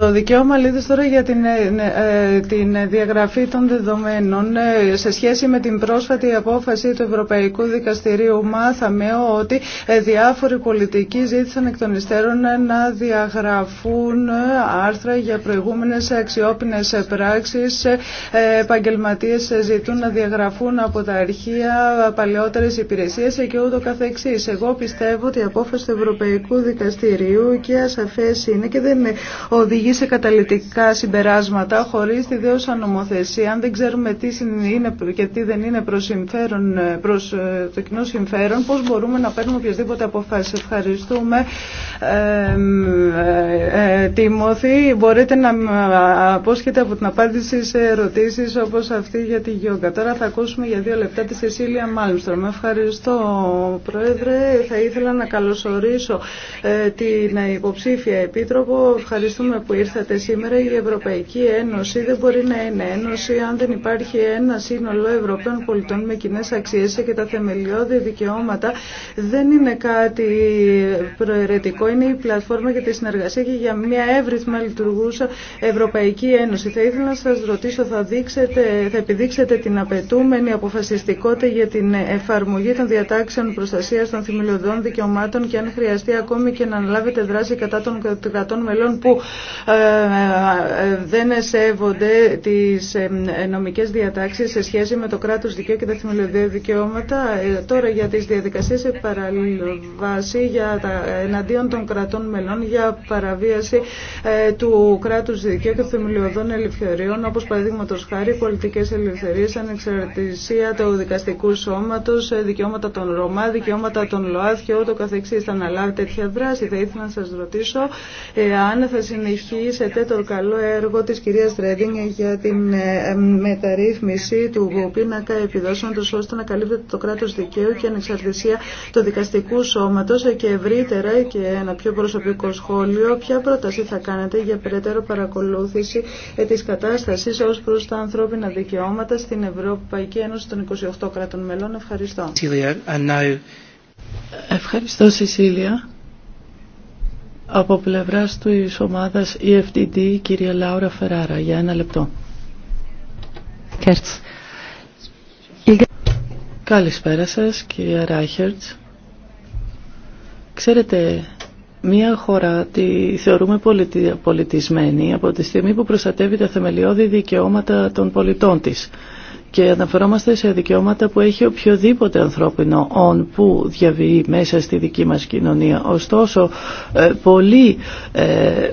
Speaker 2: Το δικαίωμα λίδης τώρα για την, ε, ε, ε, την διαγραφή των δεδομένων σε σχέση με την πρόσφατη απόφαση του Ευρωπαϊκού Δικαστηρίου μάθαμε ότι διάφοροι πολιτικοί ζήτησαν εκ των υστέρων να διαγραφούν άρθρα για προηγούμενες αξιόπινες πράξεις. Επαγγελματίες ζητούν να διαγραφούν από τα αρχεία παλαιότερες υπηρεσίες και ούτω καθεξής. Εγώ πιστεύω ότι η απόφαση του Ευρωπαϊκού Δικαστηρίου και ασαφές είναι και δεν οδηγεί οδηγεί σε καταλητικά συμπεράσματα χωρίς τη δέωσα νομοθεσία. Αν δεν ξέρουμε τι είναι και τι δεν είναι προς, συμφέρον, ε, προς ε, το κοινό συμφέρον, πώς μπορούμε να παίρνουμε οποιασδήποτε αποφάσεις. Ευχαριστούμε. Ε, ε, Τιμωθή, μπορείτε να απόσχετε από την απάντηση σε ερωτήσεις όπως αυτή για τη γιόγκα. Τώρα θα ακούσουμε για δύο λεπτά τη Σεσίλια Μάλμστρομ. Ευχαριστώ, Πρόεδρε. Θα ήθελα να καλωσορίσω ε, την υποψήφια Επίτροπο. Ευχαριστούμε που ήρθατε σήμερα. Η Ευρωπαϊκή Ένωση δεν μπορεί να είναι ένωση αν δεν υπάρχει ένα σύνολο Ευρωπαίων πολιτών με κοινέ αξίε και τα θεμελιώδη δικαιώματα δεν είναι κάτι προαιρετικό. Είναι η πλατφόρμα για τη συνεργασία και για μια εύρυθμα λειτουργούσα Ευρωπαϊκή Ένωση. Θα ήθελα να σα ρωτήσω, θα, δείξετε, θα επιδείξετε την απαιτούμενη αποφασιστικότητα για την εφαρμογή των διατάξεων προστασία των θεμελιωδών δικαιωμάτων και αν χρειαστεί ακόμη και να αναλάβετε δράση κατά των κρατών μελών που δεν σέβονται τις ε, νομικές διατάξεις σε σχέση με το κράτος δικαίου και τα θεμελιωδία δικαιώματα. Ε, τώρα για τις διαδικασίες σε παραβάση για τα, εναντίον των κρατών μελών για παραβίαση ε, του κράτους δικαίου και θεμελιωδών ελευθεριών όπως παραδείγματος χάρη πολιτικές ελευθερίες, ανεξαρτησία του δικαστικού σώματος, δικαιώματα των Ρωμά, δικαιώματα των ΛΟΑΔ και ούτω καθεξή Θα αναλάβει τέτοια δράση. Θα ήθελα να σα ρωτήσω αν θα ενισχύσετε το καλό έργο της κυρίας Τρέντινγκ για την ε, μεταρρύθμιση του πίνακα επιδόσεων του ώστε να καλύπτεται το κράτος δικαίου και ανεξαρτησία του δικαστικού σώματος και ευρύτερα και ένα πιο προσωπικό σχόλιο. Ποια πρόταση θα κάνετε για περαιτέρω παρακολούθηση ε, της κατάστασης ως προς τα ανθρώπινα δικαιώματα στην Ευρωπαϊκή Ένωση των 28 κρατών μελών. Ευχαριστώ.
Speaker 1: Ευχαριστώ Σισίλια. Από πλευράς του ομάδας EFTD, κυρία Λάουρα Φεράρα, για ένα λεπτό. Καλησπέρα σας, κυρία Ράιχερτς. Ξέρετε, μια χώρα τη θεωρούμε πολιτισμένη από τη στιγμή που προστατεύει τα θεμελιώδη δικαιώματα των πολιτών της και αναφερόμαστε σε δικαιώματα που έχει οποιοδήποτε ανθρώπινο όν που διαβεί μέσα στη δική μας κοινωνία. Ωστόσο, ε, πολλοί ε,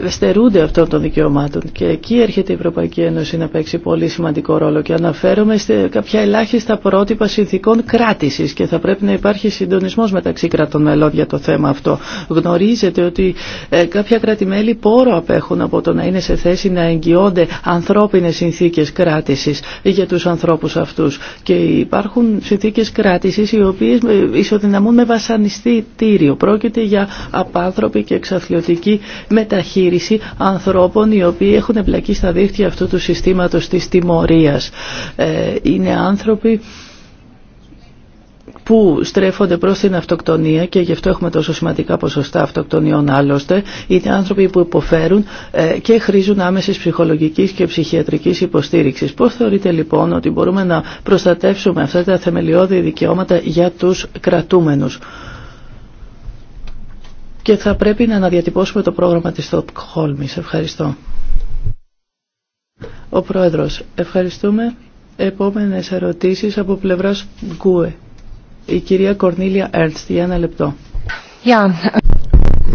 Speaker 1: στερούνται αυτών των δικαιωμάτων και εκεί έρχεται η Ευρωπαϊκή Ένωση να παίξει πολύ σημαντικό ρόλο και αναφέρομαι σε κάποια ελάχιστα πρότυπα συνθήκων κράτησης και θα πρέπει να υπάρχει συντονισμός μεταξύ κρατών μελών για το θέμα αυτό. Γνωρίζετε ότι ε, κάποια κρατημέλη πόρο απέχουν από το να είναι σε θέση να εγγυώνται ανθρώπινες συνθήκες κράτησης για τους ανθρώπους αυτούς και υπάρχουν συνθήκες κράτησης οι οποίες ισοδυναμούν με βασανιστήριο. Πρόκειται για απάνθρωπη και εξαθλιωτική μεταχείριση ανθρώπων οι οποίοι έχουν εμπλακεί στα δίχτυα αυτού του συστήματος της τιμωρίας. Ε, είναι άνθρωποι που στρέφονται προς την αυτοκτονία και γι' αυτό έχουμε τόσο σημαντικά ποσοστά αυτοκτονιών άλλωστε είναι άνθρωποι που υποφέρουν ε, και χρήζουν άμεσης ψυχολογικής και ψυχιατρικής υποστήριξης. Πώς θεωρείτε λοιπόν ότι μπορούμε να προστατεύσουμε αυτά τα θεμελιώδη δικαιώματα για τους κρατούμενους και θα πρέπει να αναδιατυπώσουμε το πρόγραμμα της Στοκχόλμης. Ευχαριστώ. Ο Πρόεδρος, ευχαριστούμε. Επόμενες ερωτήσεις από πλευράς Γκουε. Η κυρία Κορνίλια Έρτστ, για ένα λεπτό.
Speaker 3: Γεια.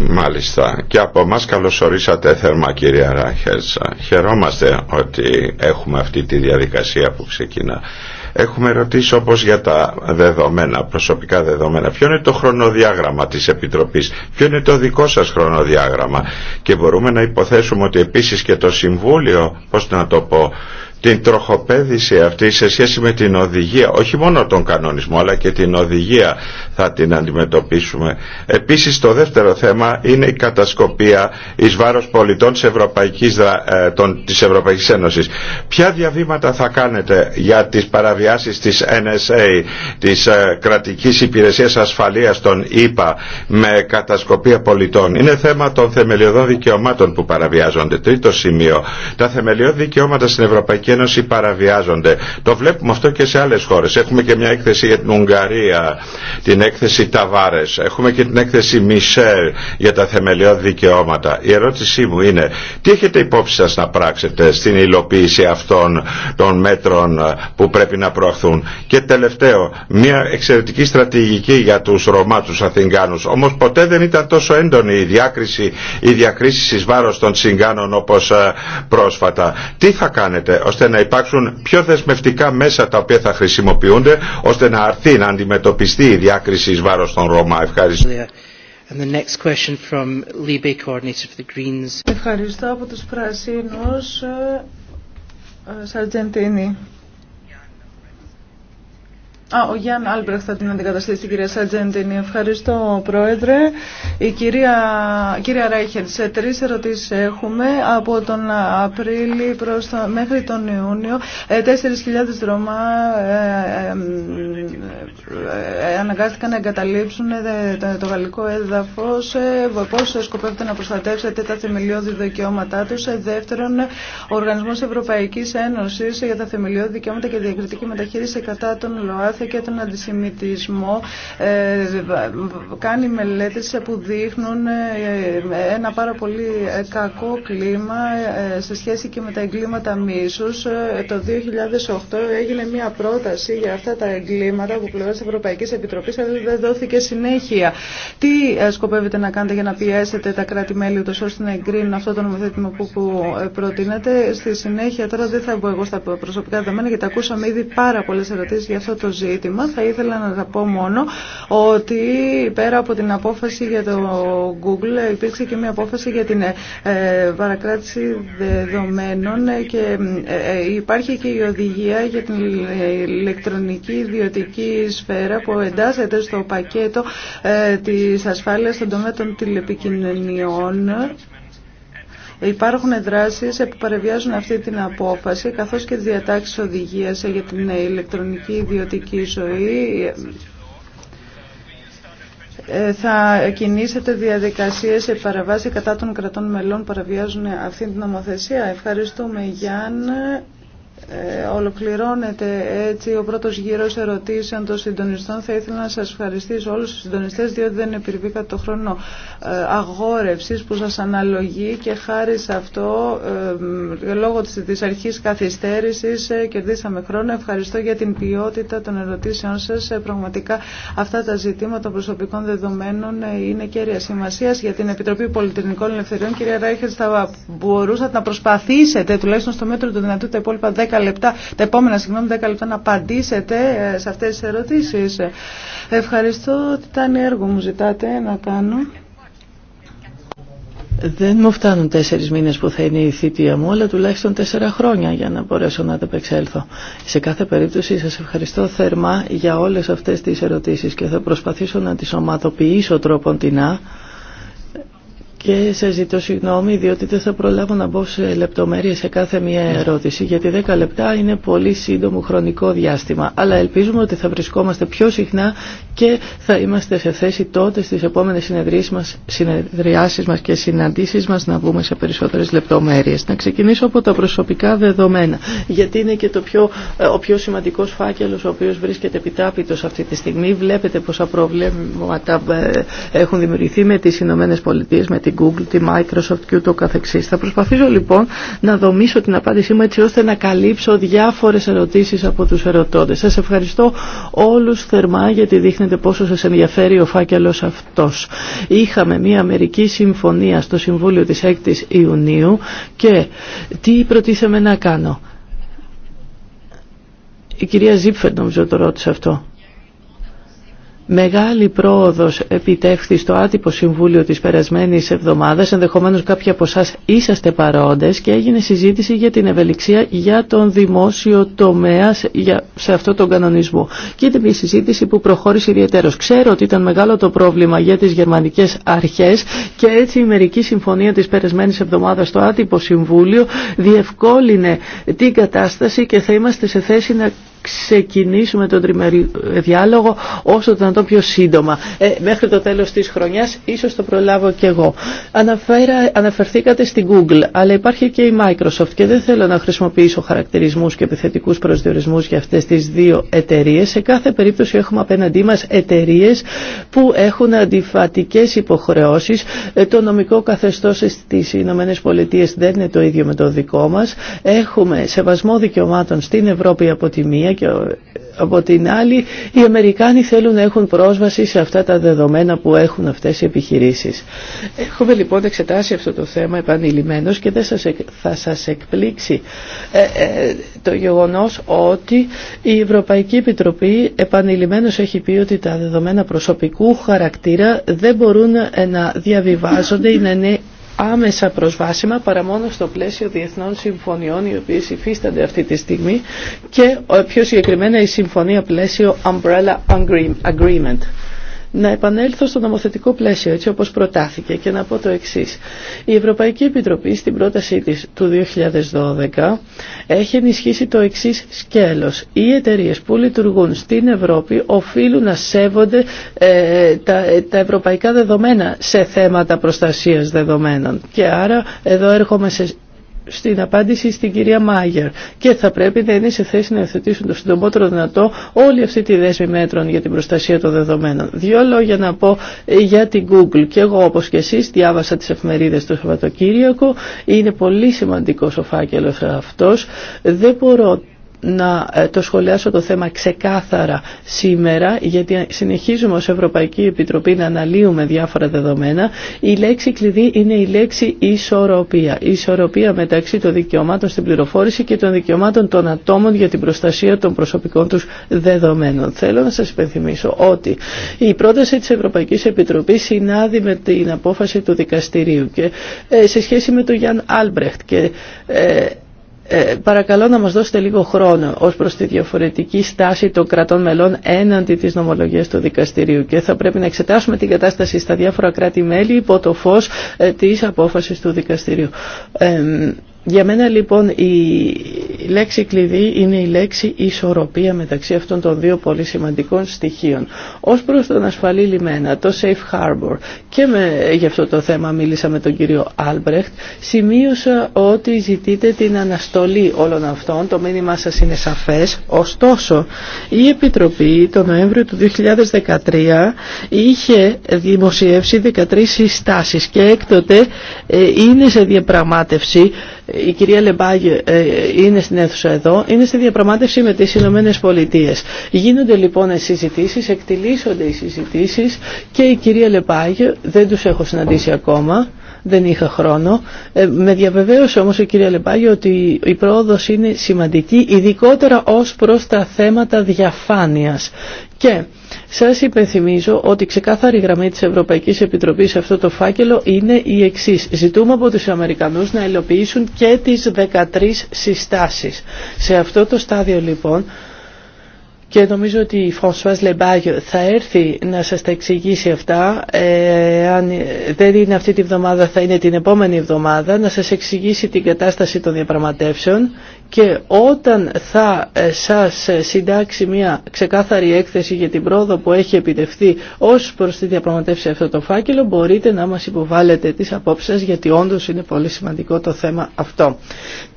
Speaker 3: Μάλιστα. Και από εμά καλωσορίσατε θερμά κυρία Ράχες. Χαιρόμαστε ότι έχουμε αυτή τη διαδικασία που ξεκινά. Έχουμε ρωτήσει όπως για τα δεδομένα, προσωπικά δεδομένα. Ποιο είναι το χρονοδιάγραμμα της Επιτροπής, ποιο είναι το δικό σας χρονοδιάγραμμα. Και μπορούμε να υποθέσουμε ότι επίσης και το Συμβούλιο, πώς να το πω, την τροχοπέδηση αυτή σε σχέση με την οδηγία, όχι μόνο τον κανονισμό αλλά και την οδηγία θα την αντιμετωπίσουμε. Επίσης το δεύτερο θέμα είναι η κατασκοπία εις βάρος πολιτών της Ευρωπαϊκής, ε, των, της Ευρωπαϊκής Ένωσης. Ποια διαβήματα θα κάνετε για τις παραβιάσεις της NSA, της ε, Κρατικής Υπηρεσίας Ασφαλείας των ΗΠΑ με κατασκοπία πολιτών. Είναι θέμα των θεμελιωδών δικαιωμάτων που παραβιάζονται. Τρίτο σημείο, τα θεμελιώδη δικαιώματα στην Ευρωπαϊκή Ευρωπαϊκή Ένωση παραβιάζονται. Το βλέπουμε αυτό και σε άλλες χώρες. Έχουμε και μια έκθεση για την Ουγγαρία, την έκθεση Ταβάρες, έχουμε και την έκθεση Μισελ για τα θεμελιώδη δικαιώματα. Η ερώτησή μου είναι, τι έχετε υπόψη σας να πράξετε στην υλοποίηση αυτών των μέτρων που πρέπει να προαχθούν. Και τελευταίο, μια εξαιρετική στρατηγική για τους Ρωμά, τους Αθηγάνους. Όμως ποτέ δεν ήταν τόσο έντονη η διάκριση, η διακρίση εις βάρος των Τσιγκάνων όπως ε, πρόσφατα. Τι θα κάνετε ώστε να υπάρξουν πιο δεσμευτικά μέσα τα οποία θα χρησιμοποιούνται ώστε να αρθεί να αντιμετωπιστεί η διάκριση εις βάρος των Ρώμα. Ευχαριστώ. Ευχαριστώ από τους
Speaker 2: Πρασίνους, ε, ε, Σαρτζεντίνη. Α, ο Γιάνν Άλμπρεχτ θα την αντικαταστήσει κυρία Σατζέντινη. Ευχαριστώ, Πρόεδρε. Η κυρία, κυρία Ρέχερ, σε τρει ερωτήσει έχουμε από τον Απρίλη προς το, μέχρι τον Ιούνιο. 4.000 ε, Ρωμά ε, ε, αναγκάστηκαν να εγκαταλείψουν το, γαλλικό έδαφο. Ε, Πώ σκοπεύετε να προστατεύσετε τα θεμελιώδη δικαιώματά του. δεύτερον, ο Οργανισμό Ευρωπαϊκή Ένωση για τα θεμελιώδη δικαιώματα και διακριτική μεταχείριση κατά τον ΛΟΑΤ και τον αντισημιτισμό ε, κάνει μελέτες που δείχνουν ε, ένα πάρα πολύ ε, κακό κλίμα σε σχέση και με τα εγκλήματα μίσους. Το 2008 έγινε μια πρόταση για αυτά τα εγκλήματα που πλευρά της Ευρωπαϊκής Επιτροπής αλλά δεν δόθηκε συνέχεια. Τι σκοπεύετε να κάνετε για να πιέσετε τα κράτη-μέλη ούτως ώστε να εγκρίνουν αυτό το νομοθέτημα που, που προτείνετε. Στη συνέχεια τώρα δεν θα μπω εγώ στα προσωπικά δεδομένα γιατί ακούσαμε ήδη πάρα πολλές ερωτήσεις για αυτό το ζήτημα. Θα ήθελα να τα πω μόνο ότι πέρα από την απόφαση για το Google υπήρξε και μια απόφαση για την ε, ε, παρακράτηση δεδομένων και ε, υπάρχει και η οδηγία για την ηλεκτρονική ιδιωτική σφαίρα που εντάσσεται στο πακέτο της ασφάλειας στον τομέα των τηλεπικοινωνιών. Υπάρχουν δράσεις που παρεβιάζουν αυτή την απόφαση, καθώς και διατάξεις οδηγίας για την ηλεκτρονική ιδιωτική ζωή, ε, θα κινήσετε διαδικασίες σε παραβάση κατά των κρατών μελών παραβιάζουν αυτή την νομοθεσία. Ευχαριστούμε Γιάννη. Ε, ολοκληρώνεται έτσι ο πρώτος γύρος ερωτήσεων των συντονιστών. Θα ήθελα να σας ευχαριστήσω όλους τους συντονιστές διότι δεν επιρβήκα το χρόνο ε, αγόρευσης που σας αναλογεί και χάρη σε αυτό ε, λόγω της αρχής καθυστέρησης κερδίσαμε χρόνο. Ευχαριστώ για την ποιότητα των ερωτήσεών σας. Πραγματικά αυτά τα ζητήματα των προσωπικών δεδομένων είναι κέρια σημασία για την Επιτροπή Πολιτεχνικών Ελευθεριών. Κυρία Ράιχερτ, θα μπορούσατε να προσπαθήσετε τουλάχιστον στο μέτρο του δυνατού τα υπόλοιπα 10 10 λεπτά, τα επόμενα συγγνώμη 10 λεπτά να απαντήσετε ε, σε αυτές τις ερωτήσεις. Ευχαριστώ. Τι ήταν έργο μου ζητάτε να κάνω.
Speaker 1: Δεν μου φτάνουν τέσσερι μήνε που θα είναι η θητεία μου, αλλά τουλάχιστον τέσσερα χρόνια για να μπορέσω να ανταπεξέλθω. Σε κάθε περίπτωση σα ευχαριστώ θερμά για όλε αυτέ τι ερωτήσει και θα προσπαθήσω να τι ομαδοποιήσω τρόπον Α και σα ζητώ συγγνώμη διότι δεν θα προλάβω να μπω σε λεπτομέρειε σε κάθε μία ναι. ερώτηση γιατί 10 λεπτά είναι πολύ σύντομο χρονικό διάστημα αλλά ελπίζουμε ότι θα βρισκόμαστε πιο συχνά και θα είμαστε σε θέση τότε στι επόμενε συνεδριάσει μα συνεδριάσεις μας και συναντήσει μα να βγούμε σε περισσότερε λεπτομέρειε. Να ξεκινήσω από τα προσωπικά δεδομένα γιατί είναι και το πιο, ε, ο πιο σημαντικός φάκελος ο οποίο βρίσκεται επιτάπητο αυτή τη στιγμή. Βλέπετε πόσα προβλήματα ε, έχουν δημιουργηθεί με τι ΗΠΑ, την Google, τη Microsoft και ούτω καθεξής. Θα προσπαθήσω λοιπόν να δομήσω την απάντησή μου έτσι ώστε να καλύψω διάφορες ερωτήσεις από τους ερωτώντες. Σας ευχαριστώ όλους θερμά γιατί δείχνετε πόσο σας ενδιαφέρει ο φάκελος αυτός. Είχαμε μια μερική συμφωνία στο Συμβούλιο της 6ης Ιουνίου και τι προτίθεμαι να κάνω. Η κυρία Ζήπφερ νομίζω το ρώτησε αυτό. Μεγάλη πρόοδος επιτεύχθη στο άτυπο συμβούλιο της περασμένης εβδομάδας, ενδεχομένως κάποιοι από εσά είσαστε παρόντες και έγινε συζήτηση για την ευελιξία για τον δημόσιο τομέα σε αυτόν τον κανονισμό. Και ήταν μια συζήτηση που προχώρησε ιδιαίτερος. Ξέρω ότι ήταν μεγάλο το πρόβλημα για τις γερμανικές αρχές και έτσι η μερική συμφωνία της περασμένης εβδομάδας στο άτυπο συμβούλιο διευκόλυνε την κατάσταση και θα είμαστε σε θέση να ξεκινήσουμε τον τριμερή διάλογο όσο το δυνατόν πιο σύντομα. Ε, μέχρι το τέλος της χρονιάς ίσως το προλάβω και εγώ. Αναφέρα, αναφερθήκατε στην Google, αλλά υπάρχει και η Microsoft και δεν θέλω να χρησιμοποιήσω χαρακτηρισμούς και επιθετικούς προσδιορισμούς για αυτές τις δύο εταιρείε. Σε κάθε περίπτωση έχουμε απέναντί μας εταιρείε που έχουν αντιφατικές υποχρεώσεις. Ε, το νομικό καθεστώς στις ΗΠΑ δεν είναι το ίδιο με το δικό μας. Έχουμε σεβασμό δικαιωμάτων στην Ευρώπη από τη μία και από την άλλη οι Αμερικάνοι θέλουν να έχουν πρόσβαση σε αυτά τα δεδομένα που έχουν αυτές οι επιχειρήσεις. Έχουμε λοιπόν εξετάσει αυτό το θέμα επανειλημμένος και δεν θα σας εκπλήξει ε, ε, το γεγονός ότι η Ευρωπαϊκή Επιτροπή επανειλημμένως έχει πει ότι τα δεδομένα προσωπικού χαρακτήρα δεν μπορούν να διαβιβάζονται ή να είναι άμεσα προσβάσιμα παρά μόνο στο πλαίσιο διεθνών συμφωνιών οι οποίες υφίστανται αυτή τη στιγμή και ε, πιο συγκεκριμένα η συμφωνία πλαίσιο Umbrella Agreement. Να επανέλθω στο νομοθετικό πλαίσιο έτσι όπως προτάθηκε και να πω το εξής. Η Ευρωπαϊκή Επιτροπή στην πρότασή της του 2012 έχει ενισχύσει το εξής σκέλος. Οι εταιρείε που λειτουργούν στην Ευρώπη οφείλουν να σέβονται ε, τα, ε, τα ευρωπαϊκά δεδομένα σε θέματα προστασίας δεδομένων. Και άρα εδώ έρχομαι σε στην απάντηση στην κυρία Μάγερ και θα πρέπει να είναι σε θέση να υιοθετήσουν το συντομότερο δυνατό όλη αυτή τη δέσμη μέτρων για την προστασία των δεδομένων. Δύο λόγια να πω ε, για την Google. Και εγώ όπως και εσείς διάβασα τις εφημερίδες το Σαββατοκύριακο. Είναι πολύ σημαντικός ο φάκελος αυτός. Δεν μπορώ να ε, το σχολιάσω το θέμα ξεκάθαρα σήμερα γιατί συνεχίζουμε ως Ευρωπαϊκή Επιτροπή να αναλύουμε διάφορα δεδομένα η λέξη κλειδί είναι η λέξη ισορροπία ισορροπία μεταξύ των δικαιωμάτων στην πληροφόρηση και των δικαιωμάτων των ατόμων για την προστασία των προσωπικών τους δεδομένων θέλω να σας υπενθυμίσω ότι η πρόταση της Ευρωπαϊκής Επιτροπής συνάδει με την απόφαση του δικαστηρίου και ε, σε σχέση με τον Γιάνν Άλμπρεχτ και ε, ε, παρακαλώ να μας δώσετε λίγο χρόνο ως προς τη διαφορετική στάση των κρατών μελών έναντι της νομολογίας του δικαστηρίου και θα πρέπει να εξετάσουμε την κατάσταση στα διάφορα κράτη-μέλη υπό το φως ε, της απόφασης του δικαστηρίου. Ε, για μένα λοιπόν η λέξη κλειδί είναι η λέξη ισορροπία μεταξύ αυτών των δύο πολύ σημαντικών στοιχείων. Ως προς τον ασφαλή λιμένα, το safe harbor και με, για αυτό το θέμα μίλησα με τον κύριο Άλμπρεχτ, σημείωσα ότι ζητείτε την αναστολή όλων αυτών, το μήνυμά σας είναι σαφές. Ωστόσο, η Επιτροπή το Νοέμβριο του 2013 είχε δημοσιεύσει 13 συστάσεις και έκτοτε ε, είναι σε διαπραγμάτευση η κυρία Λεμπάγ ε, είναι στην αίθουσα εδώ, είναι στη διαπραγμάτευση με τις Ηνωμένε Πολιτείε. Γίνονται λοιπόν συζητήσεις, εκτιλήσονται οι συζητήσεις και η κυρία Λεμπάγ, δεν τους έχω συναντήσει ακόμα, δεν είχα χρόνο. Ε, με διαβεβαίωσε όμως η κυρία Λεμπάγιο ότι η πρόοδος είναι σημαντική, ειδικότερα ως προς τα θέματα διαφάνειας. Και σας υπενθυμίζω ότι ξεκάθαρη γραμμή της Ευρωπαϊκής Επιτροπής σε αυτό το φάκελο είναι η εξής. Ζητούμε από τους Αμερικανούς να ελοποιήσουν και τις 13 συστάσεις. Σε αυτό το στάδιο λοιπόν και νομίζω ότι η Φρανσουάς Λεμπάγιο θα έρθει να σας τα εξηγήσει αυτά. Ε, αν δεν είναι αυτή τη βδομάδα θα είναι την επόμενη εβδομάδα να σας εξηγήσει την κατάσταση των διαπραγματεύσεων και όταν θα ε, σας συντάξει μια ξεκάθαρη έκθεση για την πρόοδο που έχει επιτευχθεί ως προς τη διαπραγματεύση αυτό το φάκελο μπορείτε να μας υποβάλλετε τις απόψεις σας γιατί όντως είναι πολύ σημαντικό το θέμα αυτό.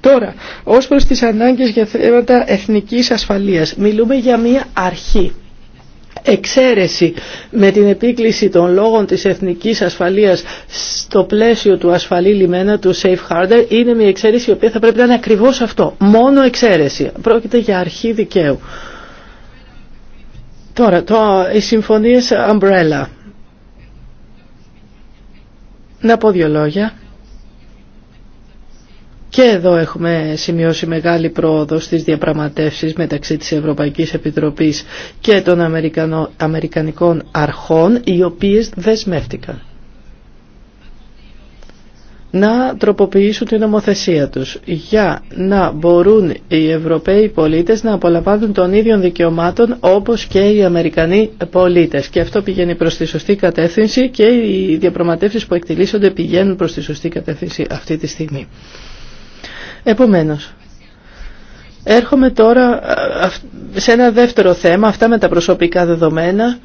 Speaker 1: Τώρα, ως προς τις ανάγκες για θέματα εθνικής ασφαλείας μιλούμε για μια αρχή εξαίρεση με την επίκληση των λόγων της εθνικής ασφαλείας στο πλαίσιο του ασφαλή λιμένα του Safe Harder είναι μια εξαίρεση η οποία θα πρέπει να είναι ακριβώς αυτό. Μόνο εξαίρεση. Πρόκειται για αρχή δικαίου. Τώρα, το, οι συμφωνίες Umbrella. Να πω δύο λόγια. Και εδώ έχουμε σημειώσει μεγάλη πρόοδο στις διαπραγματεύσεις μεταξύ της Ευρωπαϊκής Επιτροπής και των Αμερικανικών αρχών, οι οποίες δεσμεύτηκαν να τροποποιήσουν την νομοθεσία τους για να μπορούν οι Ευρωπαίοι πολίτες να απολαμβάνουν των ίδιων δικαιωμάτων όπως και οι Αμερικανοί πολίτες. Και αυτό πηγαίνει προς τη σωστή κατεύθυνση και οι διαπραγματεύσεις που εκτελήσονται πηγαίνουν προς τη σωστή κατεύθυνση αυτή τη στιγμή. Επομένως, έρχομαι τώρα σε ένα δεύτερο θέμα, αυτά με τα προσωπικά δεδομένα,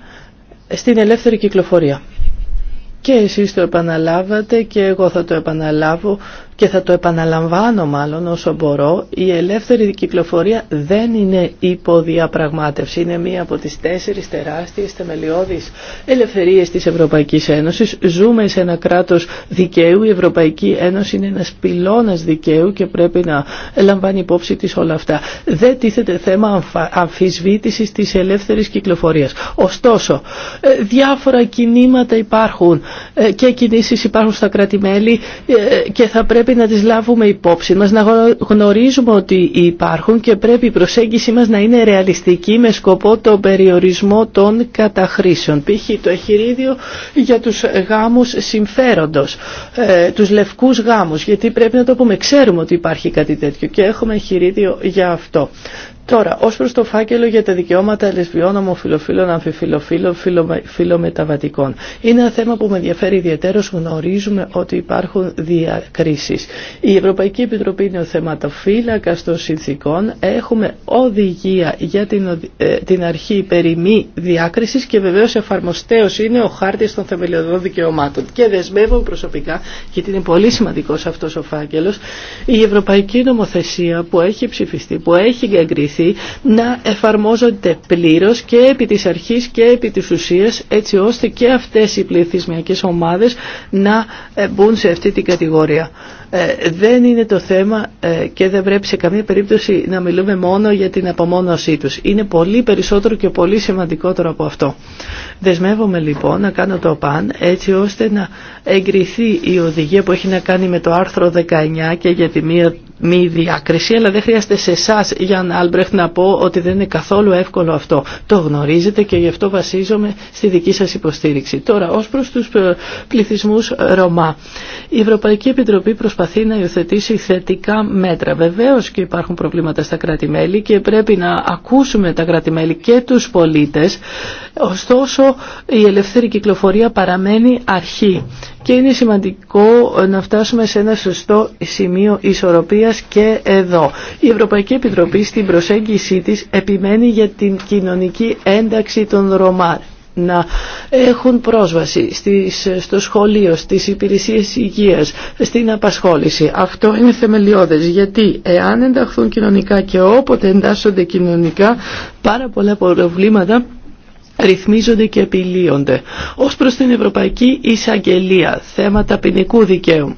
Speaker 1: στην ελεύθερη κυκλοφορία. Και εσείς το επαναλάβατε και εγώ θα το επαναλάβω και θα το επαναλαμβάνω μάλλον όσο μπορώ, η ελεύθερη κυκλοφορία δεν είναι υποδιαπραγμάτευση. Είναι μία από τις τέσσερις τεράστιες θεμελιώδεις ελευθερίες της Ευρωπαϊκής Ένωσης. Ζούμε σε ένα κράτος δικαίου. Η Ευρωπαϊκή Ένωση είναι ένας πυλώνας δικαίου και πρέπει να λαμβάνει υπόψη της όλα αυτά. Δεν τίθεται θέμα αμφισβήτησης της ελεύθερης κυκλοφορίας. Ωστόσο, ε, διάφορα κινήματα υπάρχουν ε, και κινήσεις υπάρχουν στα κρατη ε, και θα πρέπει πρέπει να τις λάβουμε υπόψη μας, να γνωρίζουμε ότι υπάρχουν και πρέπει η προσέγγιση μας να είναι ρεαλιστική με σκοπό τον περιορισμό των καταχρήσεων. Π.χ. το εχειρίδιο για τους γάμους συμφέροντος, ε, τους λευκούς γάμους, γιατί πρέπει να το πούμε, ξέρουμε ότι υπάρχει κάτι τέτοιο και έχουμε εχειρίδιο για αυτό. Τώρα, ως προς το φάκελο για τα δικαιώματα λεσβιών, ομοφιλοφίλων, αμφιφιλοφίλων, φιλομεταβατικών. Είναι ένα θέμα που με ενδιαφέρει ιδιαίτερω. Γνωρίζουμε ότι υπάρχουν διακρίσεις. Η Ευρωπαϊκή Επιτροπή είναι ο θεματοφύλακας των συνθήκων. Έχουμε οδηγία για την, ε, την αρχή περί μη διάκρισης και βεβαίως εφαρμοστέως είναι ο χάρτης των θεμελιωδών δικαιωμάτων. Και δεσμεύω προσωπικά, γιατί είναι πολύ σημαντικό αυτός ο φάκελο. η Ευρωπαϊκή Νομοθεσία που έχει ψηφιστεί, που έχει εγκριθεί, να εφαρμόζονται πλήρως και επί της αρχής και επί της ουσίας έτσι ώστε και αυτές οι πληθυσμιακές ομάδες να ε, μπουν σε αυτή την κατηγορία. Ε, δεν είναι το θέμα ε, και δεν πρέπει σε καμία περίπτωση να μιλούμε μόνο για την απομόνωσή τους. Είναι πολύ περισσότερο και πολύ σημαντικότερο από αυτό. Δεσμεύομαι λοιπόν να κάνω το παν έτσι ώστε να εγκριθεί η οδηγία που έχει να κάνει με το άρθρο 19 και για τη μία μη διάκριση, αλλά δεν χρειάζεται σε εσά, Γιάνν Άλμπρεχτ, να πω ότι δεν είναι καθόλου εύκολο αυτό. Το γνωρίζετε και γι' αυτό βασίζομαι στη δική σας υποστήριξη. Τώρα, ως προς τους ε, πληθυσμού Ρωμά. Η Ευρωπαϊκή Επιτροπή προσπαθεί προσπαθεί να υιοθετήσει θετικά μέτρα. Βεβαίως και υπάρχουν προβλήματα στα κράτη-μέλη και πρέπει να ακούσουμε τα κρατη και τους πολίτες. Ωστόσο η ελεύθερη κυκλοφορία παραμένει αρχή και είναι σημαντικό να φτάσουμε σε ένα σωστό σημείο ισορροπίας και εδώ. Η Ευρωπαϊκή Επιτροπή στην προσέγγιση της επιμένει για την κοινωνική ένταξη των Ρωμά να έχουν πρόσβαση στις, στο σχολείο, στις υπηρεσίες υγείας, στην απασχόληση. Αυτό είναι θεμελιώδες γιατί εάν ενταχθούν κοινωνικά και όποτε εντάσσονται κοινωνικά πάρα πολλά προβλήματα ρυθμίζονται και επιλύονται. Ως προς την Ευρωπαϊκή Εισαγγελία, θέματα ποινικού δικαίου.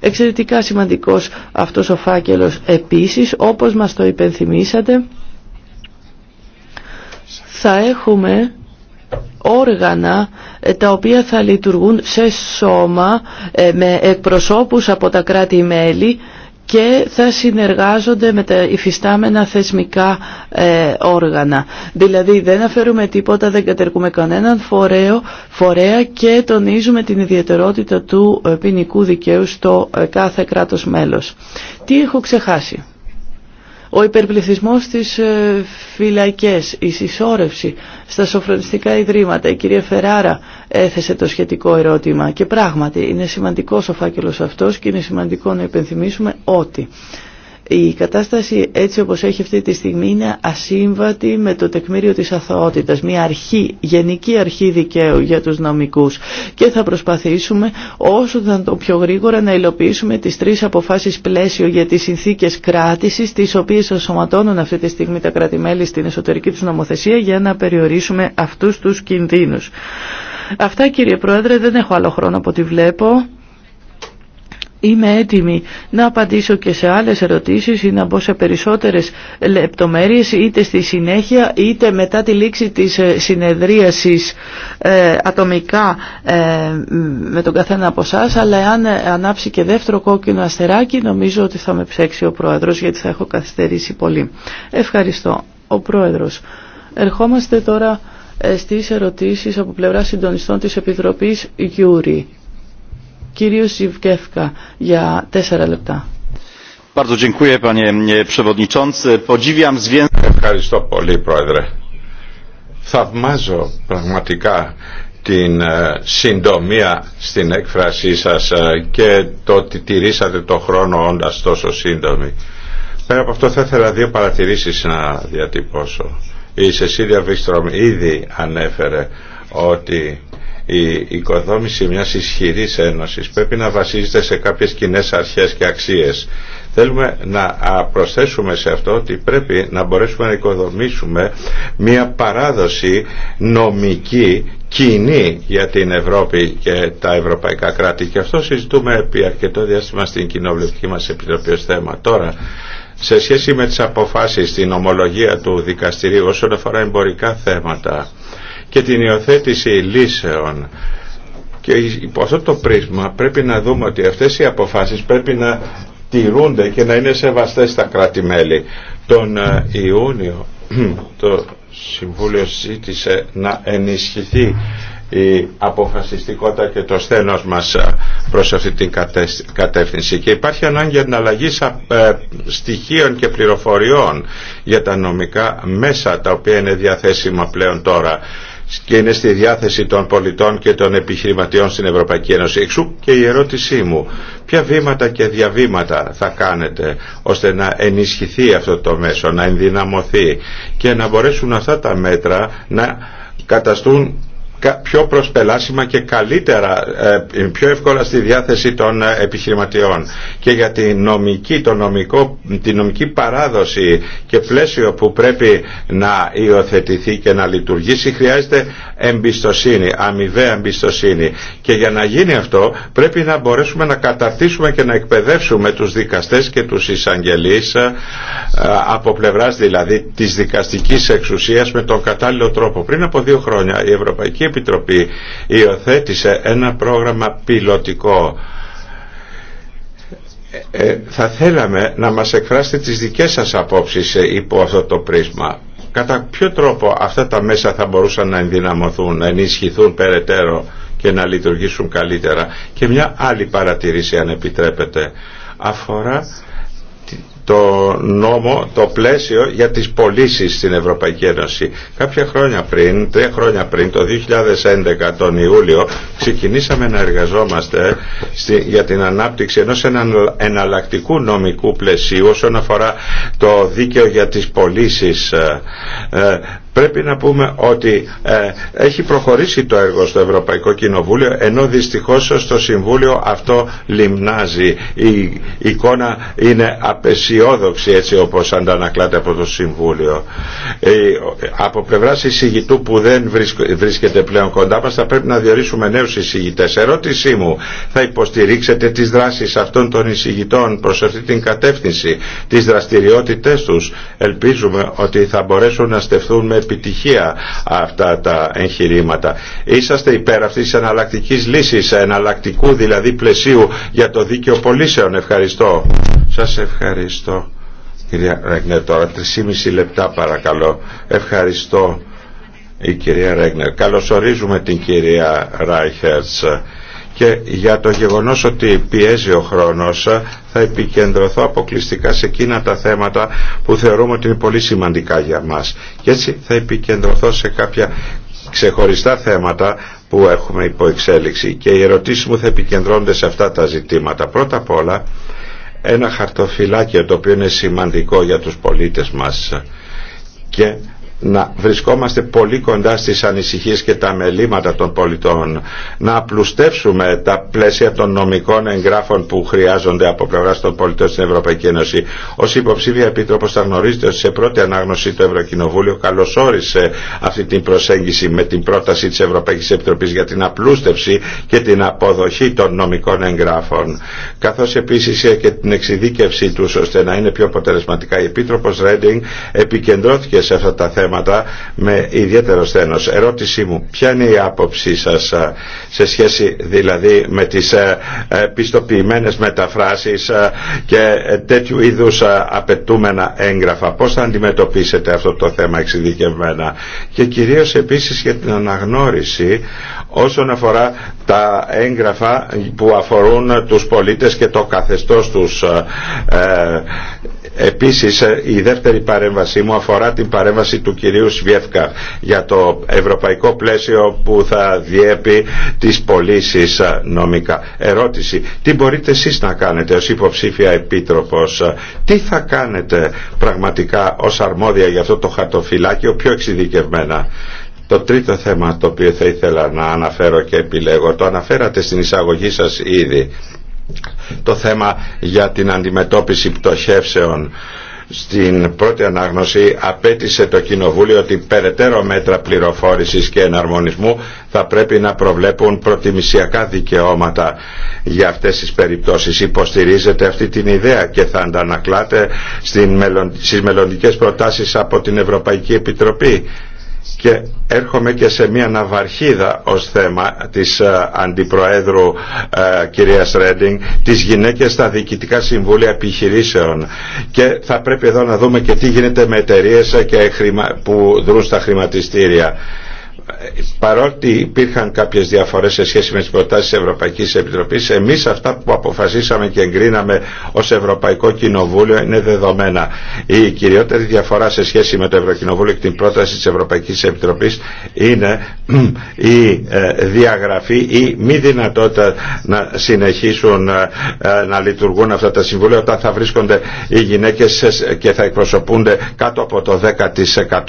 Speaker 1: Εξαιρετικά σημαντικός αυτός ο φάκελος επίσης, όπως μας το υπενθυμίσατε, θα έχουμε όργανα ε, τα οποία θα λειτουργούν σε σώμα ε, με εκπροσώπους από τα κράτη-μέλη και θα συνεργάζονται με τα υφιστάμενα θεσμικά ε, όργανα. Δηλαδή δεν αφαιρούμε τίποτα, δεν κατερκούμε κανέναν φορέο, φορέα και τονίζουμε την ιδιαιτερότητα του ποινικού δικαίου στο κάθε κράτος μέλος. Τι έχω ξεχάσει. Ο υπερπληθυσμός στις ε, φυλακές, η συσσόρευση στα σοφρονιστικά ιδρύματα, η κυρία Φεράρα έθεσε το σχετικό ερώτημα και πράγματι είναι σημαντικός ο φάκελος αυτός και είναι σημαντικό να υπενθυμίσουμε ότι η κατάσταση έτσι όπως έχει αυτή τη στιγμή είναι ασύμβατη με το τεκμήριο της αθωότητας, μια αρχή, γενική αρχή δικαίου για τους νομικούς και θα προσπαθήσουμε όσο θα το πιο γρήγορα να υλοποιήσουμε τις τρεις αποφάσεις πλαίσιο για τις συνθήκες κράτησης τις οποίες ασωματώνουν αυτή τη στιγμή τα κρατη στην εσωτερική τους νομοθεσία για να περιορίσουμε αυτούς τους κινδύνους. Αυτά κύριε Πρόεδρε, δεν έχω άλλο χρόνο από ό,τι βλέπω. Είμαι έτοιμη να απαντήσω και σε άλλες ερωτήσεις ή να μπω σε περισσότερες λεπτομέρειες είτε στη συνέχεια είτε μετά τη λήξη της ε, συνεδρίασης ε, ατομικά ε, με τον καθένα από εσά, αλλά αν ανάψει και δεύτερο κόκκινο αστεράκι νομίζω ότι θα με ψέξει ο Πρόεδρος γιατί θα έχω καθυστερήσει πολύ. Ευχαριστώ. Ο Πρόεδρος. Ερχόμαστε τώρα στις ερωτήσεις από πλευρά συντονιστών της Επιτροπής Γιούρη κύριου Σιβκέφκα για τέσσερα λεπτά.
Speaker 3: Ευχαριστώ πολύ πρόεδρε. Θαυμάζω πραγματικά την ε, συντομία στην έκφρασή σας ε, και το ότι τηρήσατε το χρόνο όντας τόσο σύντομη. Πέρα από αυτό θα ήθελα δύο παρατηρήσεις να διατυπώσω. Η Σεσίλια Βίστρομ ήδη ανέφερε ότι η οικοδόμηση μιας ισχυρής ένωσης πρέπει να βασίζεται σε κάποιες κοινέ αρχές και αξίες. Θέλουμε να προσθέσουμε σε αυτό ότι πρέπει να μπορέσουμε να οικοδομήσουμε μια παράδοση νομική κοινή για την Ευρώπη και τα ευρωπαϊκά κράτη και αυτό συζητούμε επί αρκετό διάστημα στην κοινοβουλευτική μας επιτροπή ως θέμα. Τώρα σε σχέση με τις αποφάσεις την ομολογία του δικαστηρίου όσον αφορά εμπορικά θέματα και την υιοθέτηση λύσεων. Και υπό αυτό το πρίσμα πρέπει να δούμε ότι αυτές οι αποφάσεις πρέπει να τηρούνται και να είναι σεβαστές στα κράτη-μέλη. Τον ε, Ιούνιο το Συμβούλιο ζήτησε να ενισχυθεί η αποφασιστικότητα και το σθένος μας ε, προς αυτή την κατεύθυνση και υπάρχει ανάγκη αναλλαγή ε, στοιχείων και πληροφοριών για τα νομικά μέσα τα οποία είναι διαθέσιμα πλέον τώρα και είναι στη διάθεση των πολιτών και των επιχειρηματιών στην Ευρωπαϊκή Ένωση. Εξού και η ερώτησή μου, ποια βήματα και διαβήματα θα κάνετε ώστε να ενισχυθεί αυτό το μέσο, να ενδυναμωθεί και να μπορέσουν αυτά τα μέτρα να καταστούν πιο προσπελάσιμα και καλύτερα, ε, πιο εύκολα στη διάθεση των ε, επιχειρηματιών. Και για την νομική, το νομικό, την νομική παράδοση και πλαίσιο που πρέπει να υιοθετηθεί και να λειτουργήσει χρειάζεται εμπιστοσύνη, αμοιβαία εμπιστοσύνη. Και για να γίνει αυτό πρέπει να μπορέσουμε να καταρτήσουμε και να εκπαιδεύσουμε τους δικαστές και τους εισαγγελείς ε, από πλευράς δηλαδή της δικαστικής εξουσίας με τον κατάλληλο τρόπο. Πριν από δύο χρόνια η Ευρωπαϊκή Επιτροπή υιοθέτησε ένα πρόγραμμα πιλωτικό ε, ε, θα θέλαμε να μας εκφράσετε τις δικές σας απόψεις ε, υπό αυτό το πρίσμα. Κατά ποιο τρόπο αυτά τα μέσα θα μπορούσαν να ενδυναμωθούν, να ενισχυθούν περαιτέρω και να λειτουργήσουν καλύτερα. Και μια άλλη παρατηρήση αν επιτρέπετε αφορά το νόμο, το πλαίσιο για τις πωλήσει στην Ευρωπαϊκή Ένωση. Κάποια χρόνια πριν, τρία χρόνια πριν, το 2011 τον Ιούλιο, ξεκινήσαμε να εργαζόμαστε για την ανάπτυξη ενός εναλλακτικού νομικού πλαισίου όσον αφορά το δίκαιο για τις πωλήσει ε, ε, Πρέπει να πούμε ότι ε, έχει προχωρήσει το έργο στο Ευρωπαϊκό Κοινοβούλιο ενώ δυστυχώς στο Συμβούλιο αυτό λιμνάζει. Η εικόνα είναι απεσιόδοξη έτσι όπως αντανακλάται από το Συμβούλιο. Ε, από πλευρά εισηγητού που δεν βρίσκεται πλέον κοντά μας θα πρέπει να διορίσουμε νέους εισηγητές. Ερώτησή μου, θα υποστηρίξετε τις δράσεις αυτών των εισηγητών προς αυτή την κατεύθυνση, τις δραστηριότητες τους. Ελπίζουμε ότι θα μπορέσουν να στεφθούν επιτυχία αυτά τα εγχειρήματα. Είσαστε υπέρ αυτής τη εναλλακτικής λύσης, εναλλακτικού δηλαδή πλαισίου για το δίκαιο πολίσεων. Ευχαριστώ. Σας ευχαριστώ. Κυρία Ρέγνερ, τώρα 3,5 λεπτά παρακαλώ. Ευχαριστώ η κυρία Ρέγνερ. Καλωσορίζουμε την κυρία Ράιχερτς και για το γεγονός ότι πιέζει ο χρόνος θα επικεντρωθώ αποκλειστικά σε εκείνα τα θέματα που θεωρούμε ότι είναι πολύ σημαντικά για μας και έτσι θα επικεντρωθώ σε κάποια ξεχωριστά θέματα που έχουμε υπό εξέλιξη. και οι ερωτήσεις μου θα επικεντρώνονται σε αυτά τα ζητήματα. Πρώτα απ' όλα ένα χαρτοφυλάκιο το οποίο είναι σημαντικό για τους πολίτες μας να βρισκόμαστε πολύ κοντά στις ανησυχίες και τα μελήματα των πολιτών, να απλουστεύσουμε τα πλαίσια των νομικών εγγράφων που χρειάζονται από πλευρά των πολιτών στην Ευρωπαϊκή Ένωση. Ω υποψήφια επίτροπο, θα γνωρίζετε ότι σε πρώτη ανάγνωση το Ευρωκοινοβούλιο καλωσόρισε αυτή την προσέγγιση με την πρόταση τη Ευρωπαϊκή Επιτροπή για την απλούστευση και την αποδοχή των νομικών εγγράφων. Καθώ επίση και την εξειδίκευσή του ώστε να είναι πιο αποτελεσματικά. Η Επίτροπο Ρέντινγκ επικεντρώθηκε σε αυτά τα θέματα με ιδιαίτερο σθένος. Ερώτησή μου, ποια είναι η άποψή σας σε σχέση δηλαδή με τις ε, ε, πιστοποιημένες μεταφράσεις ε, και τέτοιου είδους απαιτούμενα έγγραφα. Πώς θα αντιμετωπίσετε αυτό το θέμα εξειδικευμένα και κυρίως επίσης για την αναγνώριση όσον αφορά τα έγγραφα που αφορούν τους πολίτες και το καθεστώς τους Επίσης ε, η δεύτερη παρέμβασή μου αφορά την παρέμβαση του κυρίου Σβιεύκα για το ευρωπαϊκό πλαίσιο που θα διέπει τις πωλήσει ε, νομικά. Ερώτηση, τι μπορείτε εσείς να κάνετε ως υποψήφια επίτροπος, ε, τι θα κάνετε πραγματικά ως αρμόδια για αυτό το χαρτοφυλάκιο πιο εξειδικευμένα. Το τρίτο θέμα το οποίο θα ήθελα να αναφέρω και επιλέγω, το αναφέρατε στην εισαγωγή σας ήδη το θέμα για την αντιμετώπιση πτωχεύσεων στην πρώτη ανάγνωση απέτησε το Κοινοβούλιο ότι περαιτέρω μέτρα πληροφόρησης και εναρμονισμού θα πρέπει να προβλέπουν προτιμησιακά δικαιώματα για αυτές τις περιπτώσεις. Υποστηρίζεται αυτή την ιδέα και θα αντανακλάται στις μελλοντικές προτάσεις από την Ευρωπαϊκή Επιτροπή και έρχομαι και σε μια ναυαρχίδα ως θέμα της ε, Αντιπροέδρου ε, κυρίας Ρέντινγκ τις γυναίκες στα διοικητικά συμβούλια επιχειρήσεων και θα πρέπει εδώ να δούμε και τι γίνεται με εταιρείε ε, που δρούν στα χρηματιστήρια παρότι υπήρχαν κάποιες διαφορές σε σχέση με τις προτάσεις Ευρωπαϊκής Επιτροπής, εμείς αυτά που αποφασίσαμε και εγκρίναμε ως Ευρωπαϊκό Κοινοβούλιο είναι δεδομένα. Η κυριότερη διαφορά σε σχέση με το Ευρωκοινοβούλιο και την πρόταση της Ευρωπαϊκής Επιτροπής είναι η ε, διαγραφή ή μη δυνατότητα να συνεχίσουν ε, ε, να λειτουργούν αυτά τα συμβούλια όταν θα βρίσκονται οι γυναίκες και θα εκπροσωπούνται κάτω από το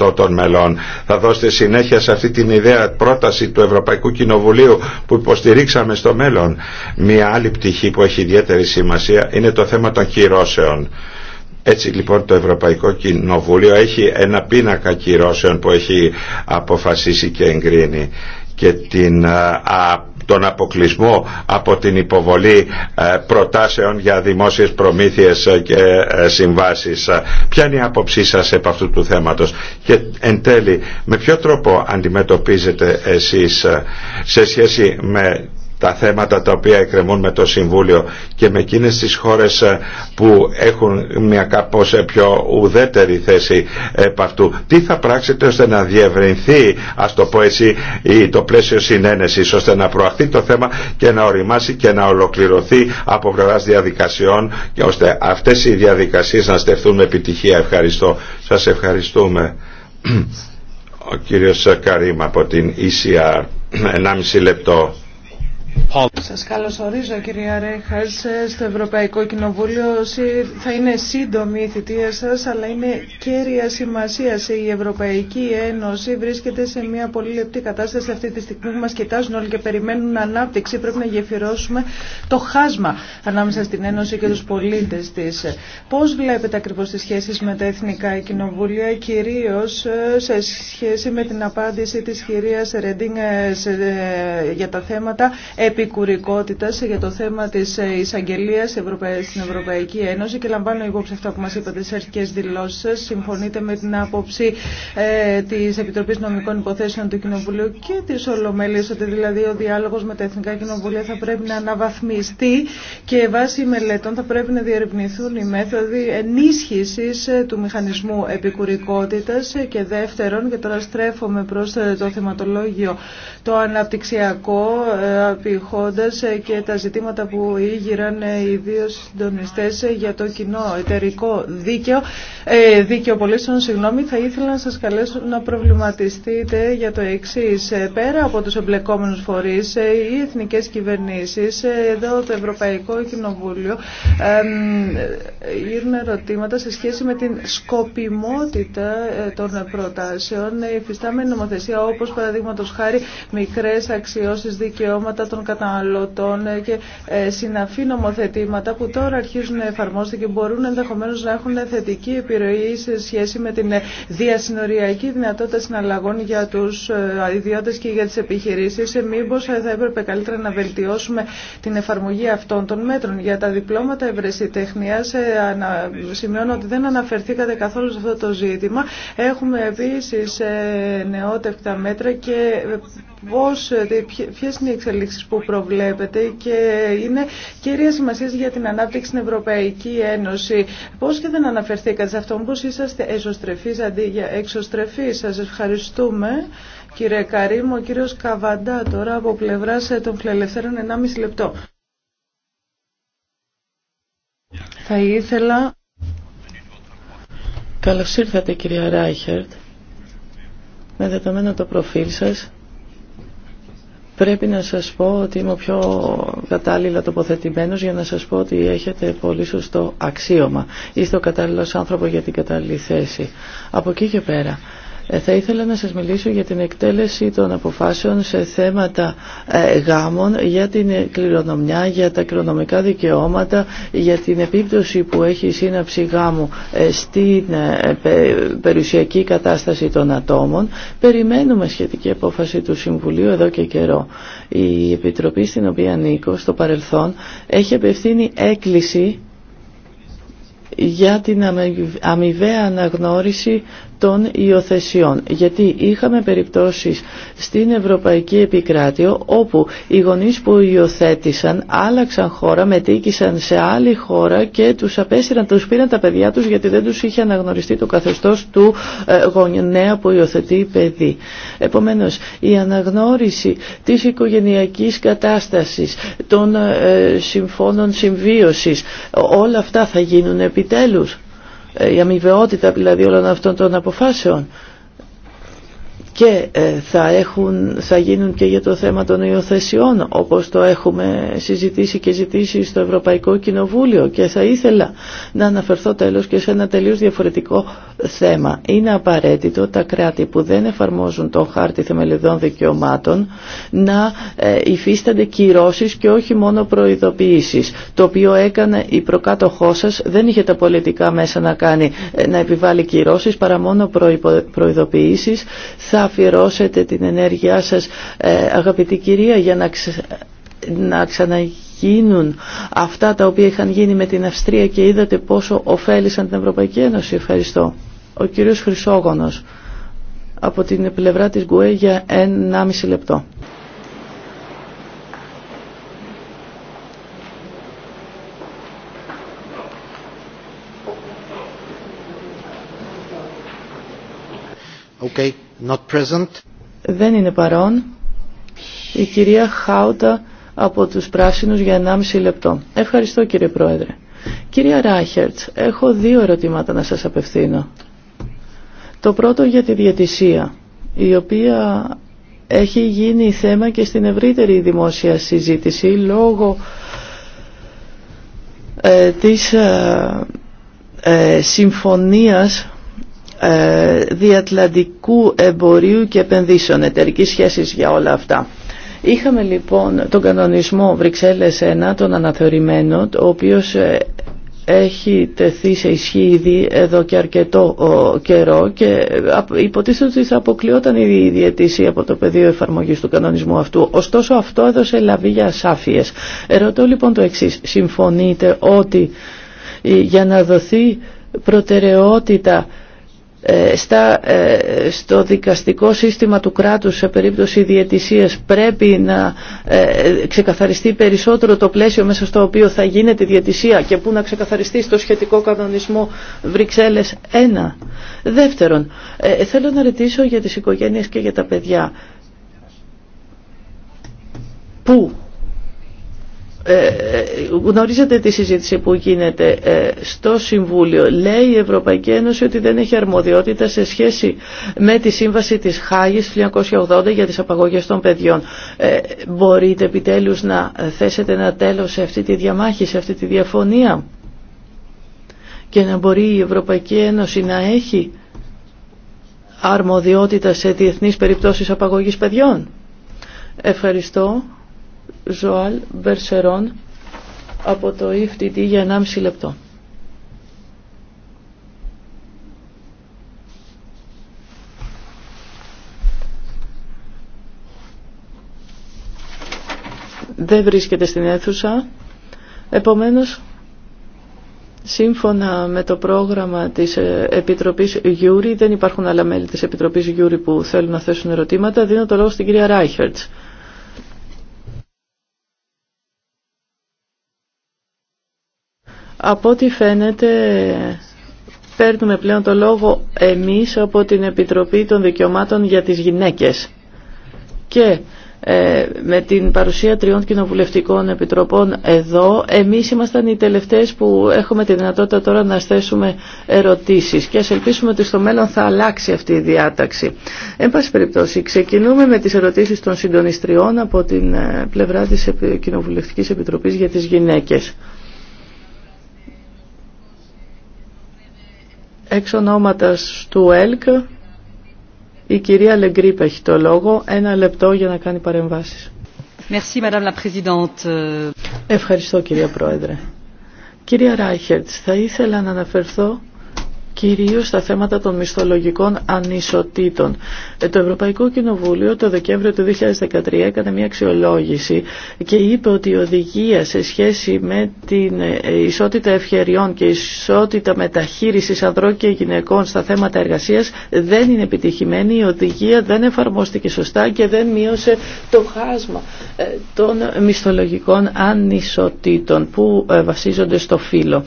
Speaker 3: 10% των μελών. Θα δώσετε συνέχεια σε αυτή την ιδέα πρόταση του Ευρωπαϊκού Κοινοβουλίου που υποστηρίξαμε στο μέλλον. Μία άλλη πτυχή που έχει ιδιαίτερη σημασία είναι το θέμα των κυρώσεων. Έτσι λοιπόν το Ευρωπαϊκό Κοινοβούλιο έχει ένα πίνακα κυρώσεων που έχει αποφασίσει και εγκρίνει και την α, τον αποκλεισμό από την υποβολή ε, προτάσεων για δημόσιες προμήθειες ε, και ε, συμβάσεις. Ποια είναι η άποψή σας επ' αυτού του θέματος και εν τέλει με ποιο τρόπο αντιμετωπίζετε εσείς σε σχέση με τα θέματα τα οποία εκκρεμούν με το Συμβούλιο και με εκείνες τις χώρες ε, που έχουν μια κάπως ε, πιο ουδέτερη θέση επ' αυτού. Τι θα πράξετε ώστε να διευρυνθεί, ας το πω έτσι, το πλαίσιο συνένεσης, ώστε να προαχθεί το θέμα και να οριμάσει και να ολοκληρωθεί από πλευρά διαδικασιών και ώστε αυτές οι διαδικασίες να στεφθούν με επιτυχία. Ευχαριστώ. Σας ευχαριστούμε. Ο κύριος Καρίμα από την ECR. 1,5 λεπτό.
Speaker 2: Σας καλωσορίζω κυρία Ρέχας στο Ευρωπαϊκό Κοινοβούλιο. Θα είναι σύντομη η θητεία σας, αλλά είναι κέρια σημασία η Ευρωπαϊκή Ένωση. Βρίσκεται σε μια πολύ λεπτή κατάσταση αυτή τη στιγμή που μας κοιτάζουν όλοι και περιμένουν ανάπτυξη. Πρέπει να γεφυρώσουμε το χάσμα ανάμεσα στην Ένωση και τους πολίτε της. Πώς βλέπετε ακριβώς τις σχέσεις με τα Εθνικά Κοινοβούλια, κυρίως ε, σε σχέση με την απάντηση της κυρίας Ρεντίνγκ ε, για τα θέματα Επικουρικότητα για το θέμα τη εισαγγελία στην Ευρωπαϊκή Ένωση και λαμβάνω υπόψη αυτά που μα είπατε στις αρχικέ δηλώσει. σα. Συμφωνείτε με την άποψη ε, της Επιτροπής Νομικών Υποθέσεων του Κοινοβουλίου και της Ολομέλειας ότι δηλαδή ο διάλογο με τα Εθνικά Κοινοβουλία θα πρέπει να αναβαθμιστεί και βάσει μελετών θα πρέπει να διερευνηθούν οι μέθοδοι ενίσχυση ε, του μηχανισμού επικουρικότητα και δεύτερον, και τώρα στρέφομαι προ ε, το θεματολόγιο το αναπτυξιακό, ε, επιχώντας ε, και τα ζητήματα που ήγηραν ε, οι δύο συντονιστέ ε, για το κοινό εταιρικό δίκαιο, δίκαιο πολίσεων, συγγνώμη, θα ήθελα να σας καλέσω να προβληματιστείτε για το εξή. Πέρα από τους εμπλεκόμενους φορείς, οι εθνικές κυβερνήσεις, εδώ το Ευρωπαϊκό Κοινοβούλιο, γίνουν ερωτήματα σε σχέση με την σκοπιμότητα των προτάσεων. Η νομοθεσία, όπως παραδείγματος χάρη μικρές αξιώσεις δικαιώματα καταναλωτών και ε, συναφή νομοθετήματα που τώρα αρχίζουν να εφαρμόζονται και μπορούν ενδεχομένως να έχουν θετική επιρροή σε σχέση με την ε, διασυνοριακή δυνατότητα συναλλαγών για τους ε, ιδιώτες και για τις επιχειρήσεις. Μήπως θα έπρεπε καλύτερα να βελτιώσουμε την εφαρμογή αυτών των μέτρων. Για τα διπλώματα ευρεσιτεχνίας σημειώνω ότι δεν αναφερθήκατε καθόλου σε αυτό το ζήτημα. Έχουμε επίσης νεότευκτα μέτρα και πώς, ε, ποιες είναι οι εξελίξεις που προβλέπετε και είναι κυρία σημασία για την ανάπτυξη στην Ευρωπαϊκή Ένωση. Πώς και δεν αναφερθήκατε σε αυτό, πώς είσαστε εσωστρεφείς αντί για εξωστρεφείς. Σας ευχαριστούμε. Κύριε καρίμο ο κύριος Καβαντά τώρα από πλευράς ε, των φιλελευθέρων 1,5 λεπτό.
Speaker 1: Θα ήθελα... Καλώς ήρθατε κυρία Ράιχερτ. Με δεδομένο το προφίλ σας, Πρέπει να σας πω ότι είμαι ο πιο κατάλληλα τοποθετημένος για να σας πω ότι έχετε πολύ σωστό αξίωμα. Είστε ο κατάλληλος άνθρωπο για την κατάλληλη θέση. Από εκεί και πέρα ε, θα ήθελα να σας μιλήσω για την εκτέλεση των αποφάσεων σε θέματα ε, γάμων, για την κληρονομιά, για τα κληρονομικά δικαιώματα, για την επίπτωση που έχει η σύναψη γάμου ε, στην περιουσιακή κατάσταση των ατόμων. Περιμένουμε σχετική απόφαση του Συμβουλίου εδώ και καιρό. Η Επιτροπή στην οποία ανήκω στο παρελθόν έχει απευθύνει έκκληση για την αμοιβαία αναγνώριση των υιοθεσιών. Γιατί είχαμε περιπτώσεις στην Ευρωπαϊκή Επικράτειο όπου οι γονείς που υιοθέτησαν άλλαξαν χώρα, μετήκησαν σε άλλη χώρα και τους απέσυραν, τους πήραν τα παιδιά τους γιατί δεν τους είχε αναγνωριστεί το καθεστώς του ε, γονέα που υιοθετεί παιδί. Επομένως, η αναγνώριση της οικογενειακής κατάστασης, των ε, συμφώνων συμβίωσης, όλα αυτά θα γίνουν επιτέλους. Ε, η αμοιβαιότητα δηλαδή όλων αυτών των αποφάσεων και ε, θα, έχουν, θα γίνουν και για το θέμα των υιοθεσιών όπως το έχουμε συζητήσει και ζητήσει στο Ευρωπαϊκό Κοινοβούλιο και θα ήθελα να αναφερθώ τέλος και σε ένα τελείως διαφορετικό θέμα. Είναι απαραίτητο τα κράτη που δεν εφαρμόζουν τον χάρτη θεμελιδών δικαιωμάτων να ε, υφίστανται κυρώσεις και όχι μόνο προειδοποιήσεις. Το οποίο έκανε η προκάτοχό σα δεν είχε τα πολιτικά μέσα να κάνει ε, να επιβάλλει κυρώσεις παρά μόνο προειδοποιήσεις αφιερώσετε την ενέργειά σας ε, αγαπητή κυρία για να, να ξαναγίνουν αυτά τα οποία είχαν γίνει με την Αυστρία και είδατε πόσο ωφέλησαν την Ευρωπαϊκή Ένωση. Ευχαριστώ. Ο κύριος Χρυσόγονος από την πλευρά της ΓΚΟΕ για 1,5 λεπτό. Okay. Not Δεν είναι παρόν. Η κυρία Χάουτα από τους Πράσινους για 1,5 λεπτό. Ευχαριστώ κύριε Πρόεδρε. Κυρία Ράχερτς, έχω δύο ερωτήματα να σας απευθύνω. Το πρώτο για τη διατησία, η οποία έχει γίνει θέμα και στην ευρύτερη δημόσια συζήτηση λόγω ε, της ε, ε, συμφωνίας ε, διατλαντικού εμπορίου και επενδύσεων, εταιρικής σχέσης για όλα αυτά. Είχαμε λοιπόν τον κανονισμό Βρυξέλλες 1, τον αναθεωρημένο, ο οποίος έχει τεθεί σε ισχύ ήδη εδώ και αρκετό καιρό και ε, υποτίθεται ότι θα αποκλειόταν η διαιτήση από το πεδίο εφαρμογής του κανονισμού αυτού. Ωστόσο αυτό έδωσε λαβή για ασάφειες. Ερωτώ λοιπόν το εξής. Συμφωνείτε ότι ε, για να δοθεί προτεραιότητα ε, στα, ε, στο δικαστικό σύστημα του κράτους σε περίπτωση διαιτησίας πρέπει να ε, ξεκαθαριστεί περισσότερο το πλαίσιο μέσα στο οποίο θα γίνεται διαιτησία και που να ξεκαθαριστεί στο σχετικό κανονισμό Βρυξέλλες 1. Δεύτερον, θέλω να ρωτήσω για τις οικογένειες και για τα παιδιά. Πού ε, γνωρίζετε τη συζήτηση που γίνεται ε, στο Συμβούλιο. Λέει η Ευρωπαϊκή Ένωση ότι δεν έχει αρμοδιότητα σε σχέση με τη Σύμβαση της Χάγης 1980 για τις απαγωγές των παιδιών. Ε, μπορείτε επιτέλους να θέσετε ένα τέλος σε αυτή τη διαμάχη, σε αυτή τη διαφωνία και να μπορεί η Ευρωπαϊκή Ένωση να έχει αρμοδιότητα σε διεθνείς περιπτώσεις απαγωγής παιδιών. Ευχαριστώ. Ζωάλ Μπερσερών από το EFTD για 1,5 λεπτό. Δεν βρίσκεται στην αίθουσα. Επομένως, σύμφωνα με το πρόγραμμα της ε, Επιτροπής Γιούρι, δεν υπάρχουν άλλα μέλη της Επιτροπής Γιούρι που θέλουν να θέσουν ερωτήματα. Δίνω το λόγο στην κυρία Ράιχερτς. Από ό,τι φαίνεται παίρνουμε πλέον το λόγο εμείς από την Επιτροπή των Δικαιωμάτων για τις Γυναίκες. Και ε, με την παρουσία τριών κοινοβουλευτικών επιτροπών εδώ, εμείς ήμασταν οι τελευταίες που έχουμε τη δυνατότητα τώρα να θέσουμε ερωτήσεις και ας ελπίσουμε ότι στο μέλλον θα αλλάξει αυτή η διάταξη. Εν πάση περιπτώσει, ξεκινούμε με τις ερωτήσεις των συντονιστριών από την ε, πλευρά της Κοινοβουλευτικής Επιτροπής για τις Γυναίκες. Εξ του ΕΛΚ, η κυρία Λεγκρίπ έχει το λόγο. Ένα λεπτό για να κάνει παρεμβάσεις. Ευχαριστώ κυρία Πρόεδρε. Κυρία Ράιχερτς, θα ήθελα να αναφερθώ κυρίως στα θέματα των μισθολογικών ανισοτήτων. Ε, το Ευρωπαϊκό Κοινοβούλιο το Δεκέμβριο του 2013 έκανε μια αξιολόγηση και είπε ότι η οδηγία σε σχέση με την ε, ισότητα ευκαιριών και ισότητα μεταχείρισης ανδρών και γυναικών στα θέματα εργασίας δεν είναι επιτυχημένη, η οδηγία δεν εφαρμόστηκε σωστά και δεν μείωσε το χάσμα ε, των μισθολογικών ανισοτήτων που βασίζονται στο φύλλο.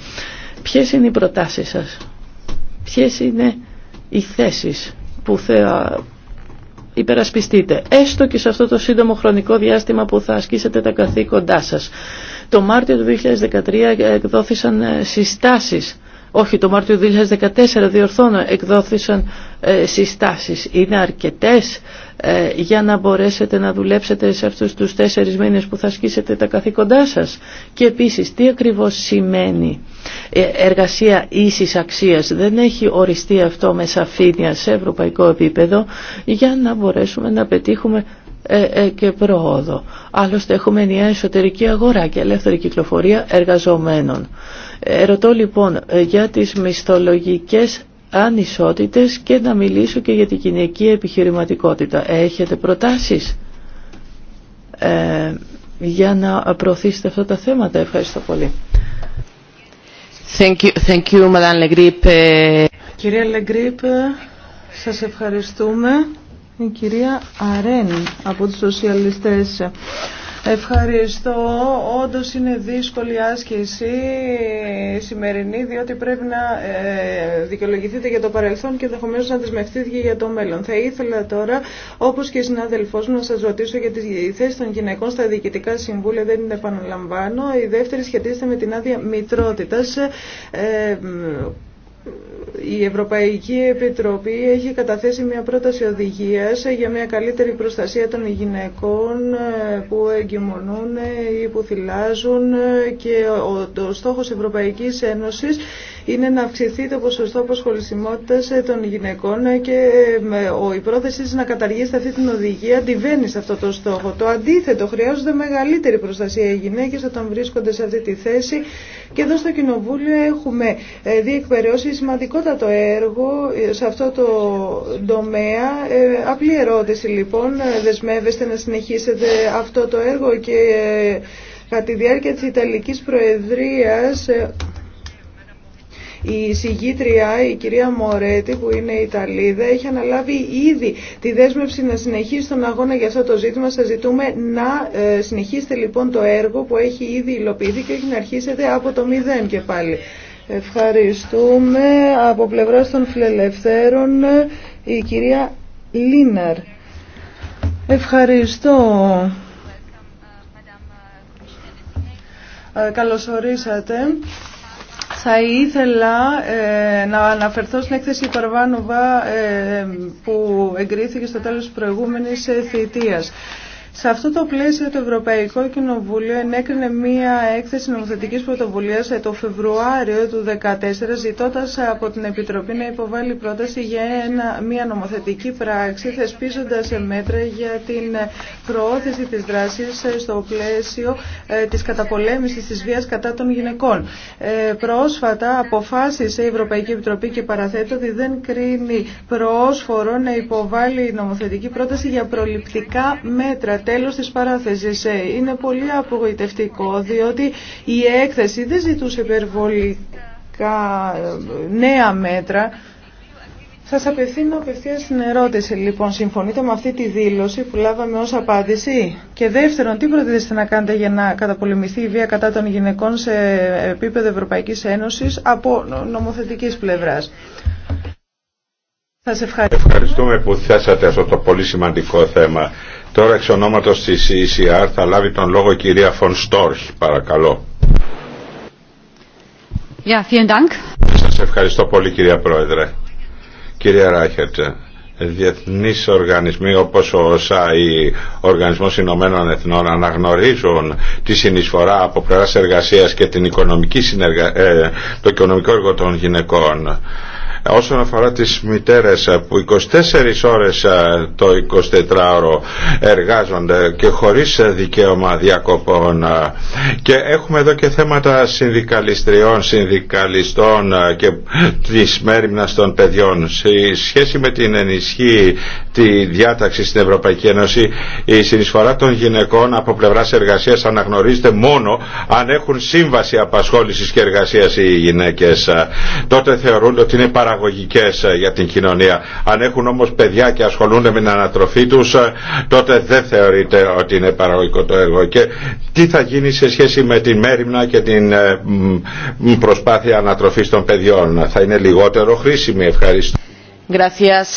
Speaker 1: Ποιες είναι οι προτάσεις σας ποιες είναι οι θέσεις που θα υπερασπιστείτε, έστω και σε αυτό το σύντομο χρονικό διάστημα που θα ασκήσετε τα καθήκοντά σας. Το Μάρτιο του 2013 εκδόθησαν ε, συστάσεις όχι το Μάρτιο 2014 διορθώνω, εκδόθησαν ε, συστάσεις. Είναι αρκετές ε, για να μπορέσετε να δουλέψετε σε αυτούς τους τέσσερις μήνες που θα ασκήσετε τα καθήκοντά σας. Και επίσης, τι ακριβώς σημαίνει ε, εργασία ίσης αξίας. Δεν έχει οριστεί αυτό με σαφήνεια σε ευρωπαϊκό επίπεδο για να μπορέσουμε να πετύχουμε ε, ε, και πρόοδο. Άλλωστε έχουμε μια εσωτερική αγορά και ελεύθερη κυκλοφορία εργαζομένων. Ε, ρωτώ λοιπόν για τις μισθολογικές ανισότητες και να μιλήσω και για την κοινωνική επιχειρηματικότητα. Έχετε προτάσεις για να προωθήσετε αυτά τα θέματα. Ευχαριστώ πολύ. Thank you, thank you,
Speaker 2: Κυρία Λεγκρίπ, σας ευχαριστούμε η κυρία Αρέν από τους σοσιαλιστές. Ευχαριστώ. Όντω είναι δύσκολη άσκηση η σημερινή, διότι πρέπει να ε, δικαιολογηθείτε για το παρελθόν και ενδεχομένω να δεσμευτείτε για το μέλλον. Θα ήθελα τώρα, όπω και οι συνάδελφό μου, να σα ρωτήσω για τη θέση των γυναικών στα διοικητικά συμβούλια. Δεν είναι επαναλαμβάνω. Η δεύτερη σχετίζεται με την άδεια μητρότητα. Ε, η Ευρωπαϊκή Επιτροπή έχει καταθέσει μια πρόταση οδηγίας για μια καλύτερη προστασία των γυναικών ε, που εγκυμονούν ε, ή που θυλάζουν ε, και ο στόχος Ευρωπαϊκής Ένωσης είναι να αυξηθεί το ποσοστό αποσχολησιμοτητα ε, των γυναικών ε, και ε, η πρόθεση να καταργήσει αυτή την οδηγία αντιβαίνει σε αυτό το στόχο. Το αντίθετο, χρειάζονται μεγαλύτερη προστασία οι γυναίκε όταν βρίσκονται σε αυτή τη θέση και εδώ στο Κοινοβούλιο έχουμε διεκπαιρεώσει σημαντικότατο έργο σε αυτό το τομέα. Απλή ερώτηση λοιπόν, δεσμεύεστε να συνεχίσετε αυτό το έργο και κατά τη διάρκεια της Ιταλικής Προεδρίας η συγγήτρια, η κυρία Μωρέτη, που είναι Ιταλίδα, έχει αναλάβει ήδη τη δέσμευση να συνεχίσει τον αγώνα για αυτό το ζήτημα. Σα ζητούμε να ε, συνεχίσετε λοιπόν το έργο που έχει ήδη υλοποιηθεί και έχει να αρχίσετε από το μηδέν και πάλι. Ευχαριστούμε. Από πλευρά των φιλελευθέρων, η κυρία Λίναρ. Ευχαριστώ. Ε, καλωσορίσατε. Θα ήθελα ε, να αναφερθώ στην έκθεση Παρβάνοβα ε, που εγκρίθηκε στο τέλος της προηγούμενης ε, θητείας. Σε αυτό το πλαίσιο το Ευρωπαϊκό Κοινοβούλιο ενέκρινε μία έκθεση νομοθετικής πρωτοβουλίας ε, το Φεβρουάριο του 2014 ζητώντας από την Επιτροπή να υποβάλει πρόταση για μία νομοθετική πράξη θεσπίζοντας μέτρα για την προώθηση της δράσης ε, στο πλαίσιο ε, της καταπολέμησης της βίας κατά των γυναικών. Πρόσφατα αποφάσισε η Ευρωπαϊκή Επιτροπή και παραθέτω ότι δεν κρίνει πρόσφορο να υποβάλει νομοθετική πρόταση για προληπτικά μέτρα τέλος της παράθεσης. Ε, είναι πολύ απογοητευτικό διότι η έκθεση δεν ζητούσε υπερβολικά ε, νέα μέτρα. Σας απευθύνω απευθείας στην ερώτηση λοιπόν. Συμφωνείτε με αυτή τη δήλωση που λάβαμε ως απάντηση. Και δεύτερον, τι προτείνετε να κάνετε για να καταπολεμηθεί η βία κατά των γυναικών σε επίπεδο Ευρωπαϊκής Ένωσης από νομοθετικής πλευράς. Σας ευχαριστούμε.
Speaker 3: Ευχαριστούμε που θέσατε αυτό το πολύ σημαντικό θέμα. Τώρα εξ ονόματος της ECR θα λάβει τον λόγο η κυρία Φων Στόρχ. Παρακαλώ.
Speaker 2: Σα Dank.
Speaker 3: Σας ευχαριστώ πολύ κυρία Πρόεδρε. Κυρία Ράχερτ, διεθνείς οργανισμοί όπως ο ΩΣΑ ή ο Οργανισμός Ηνωμένων Εθνών αναγνωρίζουν τη συνεισφορά από πλευράς εργασίας και την οικονομική συνεργα... Ε, το οικονομικό έργο των γυναικών όσον αφορά τις μητέρες ε, που 24 ώρες ε, το 24ωρο εργάζονται και χωρίς ε, δικαίωμα διακοπών και έχουμε εδώ και θέματα συνδικαλιστριών, συνδικαλιστών και της μέρημνας των παιδιών. Σε σχέση με την ενισχύ τη διάταξη στην Ευρωπαϊκή Ένωση η συνεισφορά των γυναικών από πλευράς εργασίας αναγνωρίζεται μόνο αν έχουν σύμβαση απασχόλησης και εργασίας οι γυναίκες. Τότε θεωρούν ότι είναι παραγωγή ε, για την κοινωνία. Αν έχουν όμως παιδιά και ασχολούνται με την ανατροφή τους, ε, τότε δεν θεωρείται ότι είναι παραγωγικό το έργο. Και τι θα γίνει σε σχέση με την μέρημνα και την ε, προσπάθεια ανατροφής των παιδιών. Θα είναι λιγότερο χρήσιμη. Ευχαριστώ.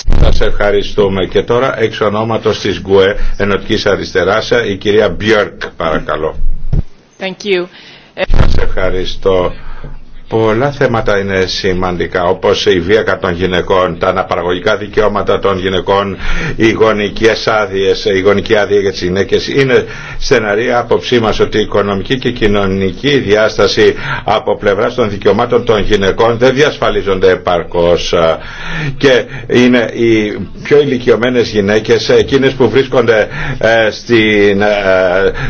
Speaker 3: Θα ευχαριστούμε. Και τώρα εξ ονόματος της ΓΚΟΕ Ενωτικής Αριστεράς η κυρία Μπιόρκ παρακαλώ. Thank you. ευχαριστώ. Πολλά θέματα είναι σημαντικά όπως η βία κατά των γυναικών, τα αναπαραγωγικά δικαιώματα των γυναικών, οι γονικές άδειες, η γονική άδεια για τις γυναίκες. Είναι στεναρή άποψή μας ότι η οικονομική και κοινωνική διάσταση από πλευράς των δικαιωμάτων των γυναικών δεν διασφαλίζονται επαρκώς και είναι οι πιο ηλικιωμένε γυναίκες εκείνες που βρίσκονται ε, ε,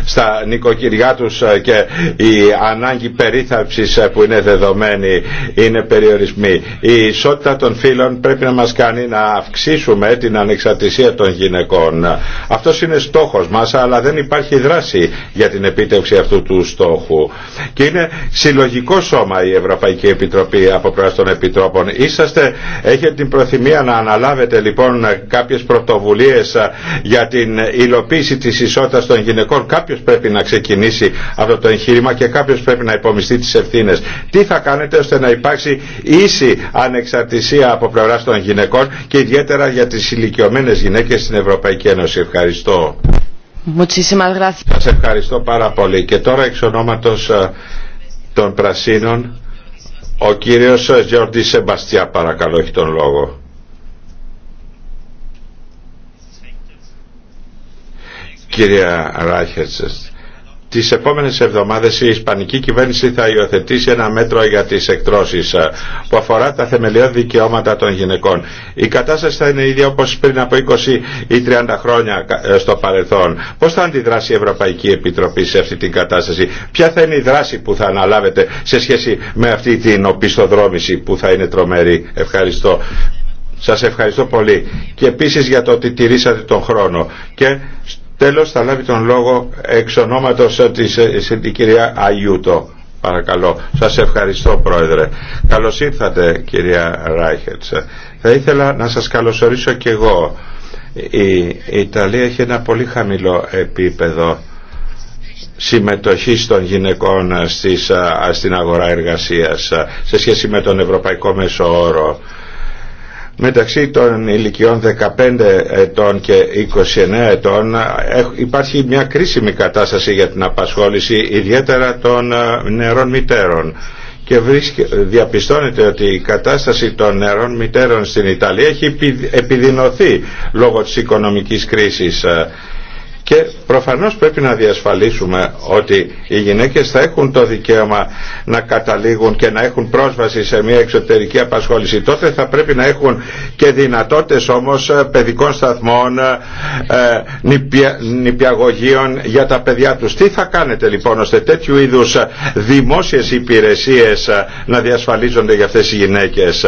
Speaker 3: στα νοικοκυριά τους ε, και η ανάγκη περίθαψης που είναι δεδομένη δεδομένοι είναι περιορισμοί. Η ισότητα των φύλων πρέπει να μας κάνει να αυξήσουμε την ανεξαρτησία των γυναικών. Αυτό είναι στόχος μας, αλλά δεν υπάρχει δράση για την επίτευξη αυτού του στόχου. Και είναι συλλογικό σώμα η Ευρωπαϊκή Επιτροπή από πλευρά των Επιτρόπων. Είσαστε, έχετε την προθυμία να αναλάβετε λοιπόν κάποιες πρωτοβουλίες για την υλοποίηση της ισότητας των γυναικών. Κάποιος πρέπει να ξεκινήσει αυτό το εγχείρημα και κάποιος πρέπει να υπομειστεί τις ευθύνες. Τι θα κάνετε ώστε να υπάρξει ίση ανεξαρτησία από πλευρά των γυναικών και ιδιαίτερα για τις ηλικιωμένε γυναίκες στην Ευρωπαϊκή Ένωση. Ευχαριστώ. Σας ευχαριστώ πάρα πολύ. Και τώρα εξ ονόματος ε, των Πρασίνων, ο κύριος ε, Γιώργη Σεμπαστιά παρακαλώ έχει τον λόγο. Κυρία Ράχετσες τις επόμενες εβδομάδες η Ισπανική κυβέρνηση θα υιοθετήσει ένα μέτρο για τις εκτρώσεις ε, που αφορά τα θεμελιώδη δικαιώματα των γυναικών. Η κατάσταση θα είναι ίδια όπως πριν από 20 ή 30 χρόνια ε, στο παρελθόν. Πώς θα αντιδράσει η Ευρωπαϊκή Επιτροπή σε αυτή την κατάσταση. Ποια θα είναι η δράση που θα αναλάβετε σε σχέση με αυτή την οπισθοδρόμηση που θα είναι τρομερή. Ευχαριστώ. Σας ευχαριστώ πολύ και επίσης για το ότι τηρήσατε τον χρόνο και Τέλος θα λάβει τον λόγο εξ ονόματος ε, της, ε, ε, κυρία Αγιούτο. Παρακαλώ. Σας ευχαριστώ Πρόεδρε. Καλώς ήρθατε κυρία Ράιχετς. Θα ήθελα να σας καλωσορίσω και εγώ. Η Ιταλία έχει ένα πολύ χαμηλό επίπεδο συμμετοχής των γυναικών στις, στην αγορά εργασίας σε σχέση με τον Ευρωπαϊκό Μέσο Όρο μεταξύ των ηλικιών 15 ετών και 29 ετών υπάρχει μια κρίσιμη κατάσταση για την απασχόληση ιδιαίτερα των ε, νερών μητέρων και διαπιστώνεται ότι η κατάσταση των νερών μητέρων στην Ιταλία έχει επιδεινωθεί λόγω της οικονομικής κρίσης ε. Και προφανώς πρέπει να διασφαλίσουμε ότι οι γυναίκες θα έχουν το δικαίωμα να καταλήγουν και να έχουν πρόσβαση σε μια εξωτερική απασχόληση. Τότε θα πρέπει να έχουν και δυνατότητες όμως ε, παιδικών σταθμών, ε, ε, νηπιαγωγείων για τα παιδιά τους. Τι θα κάνετε λοιπόν ώστε τέτοιου είδους δημόσιες υπηρεσίες να διασφαλίζονται για αυτές οι γυναίκες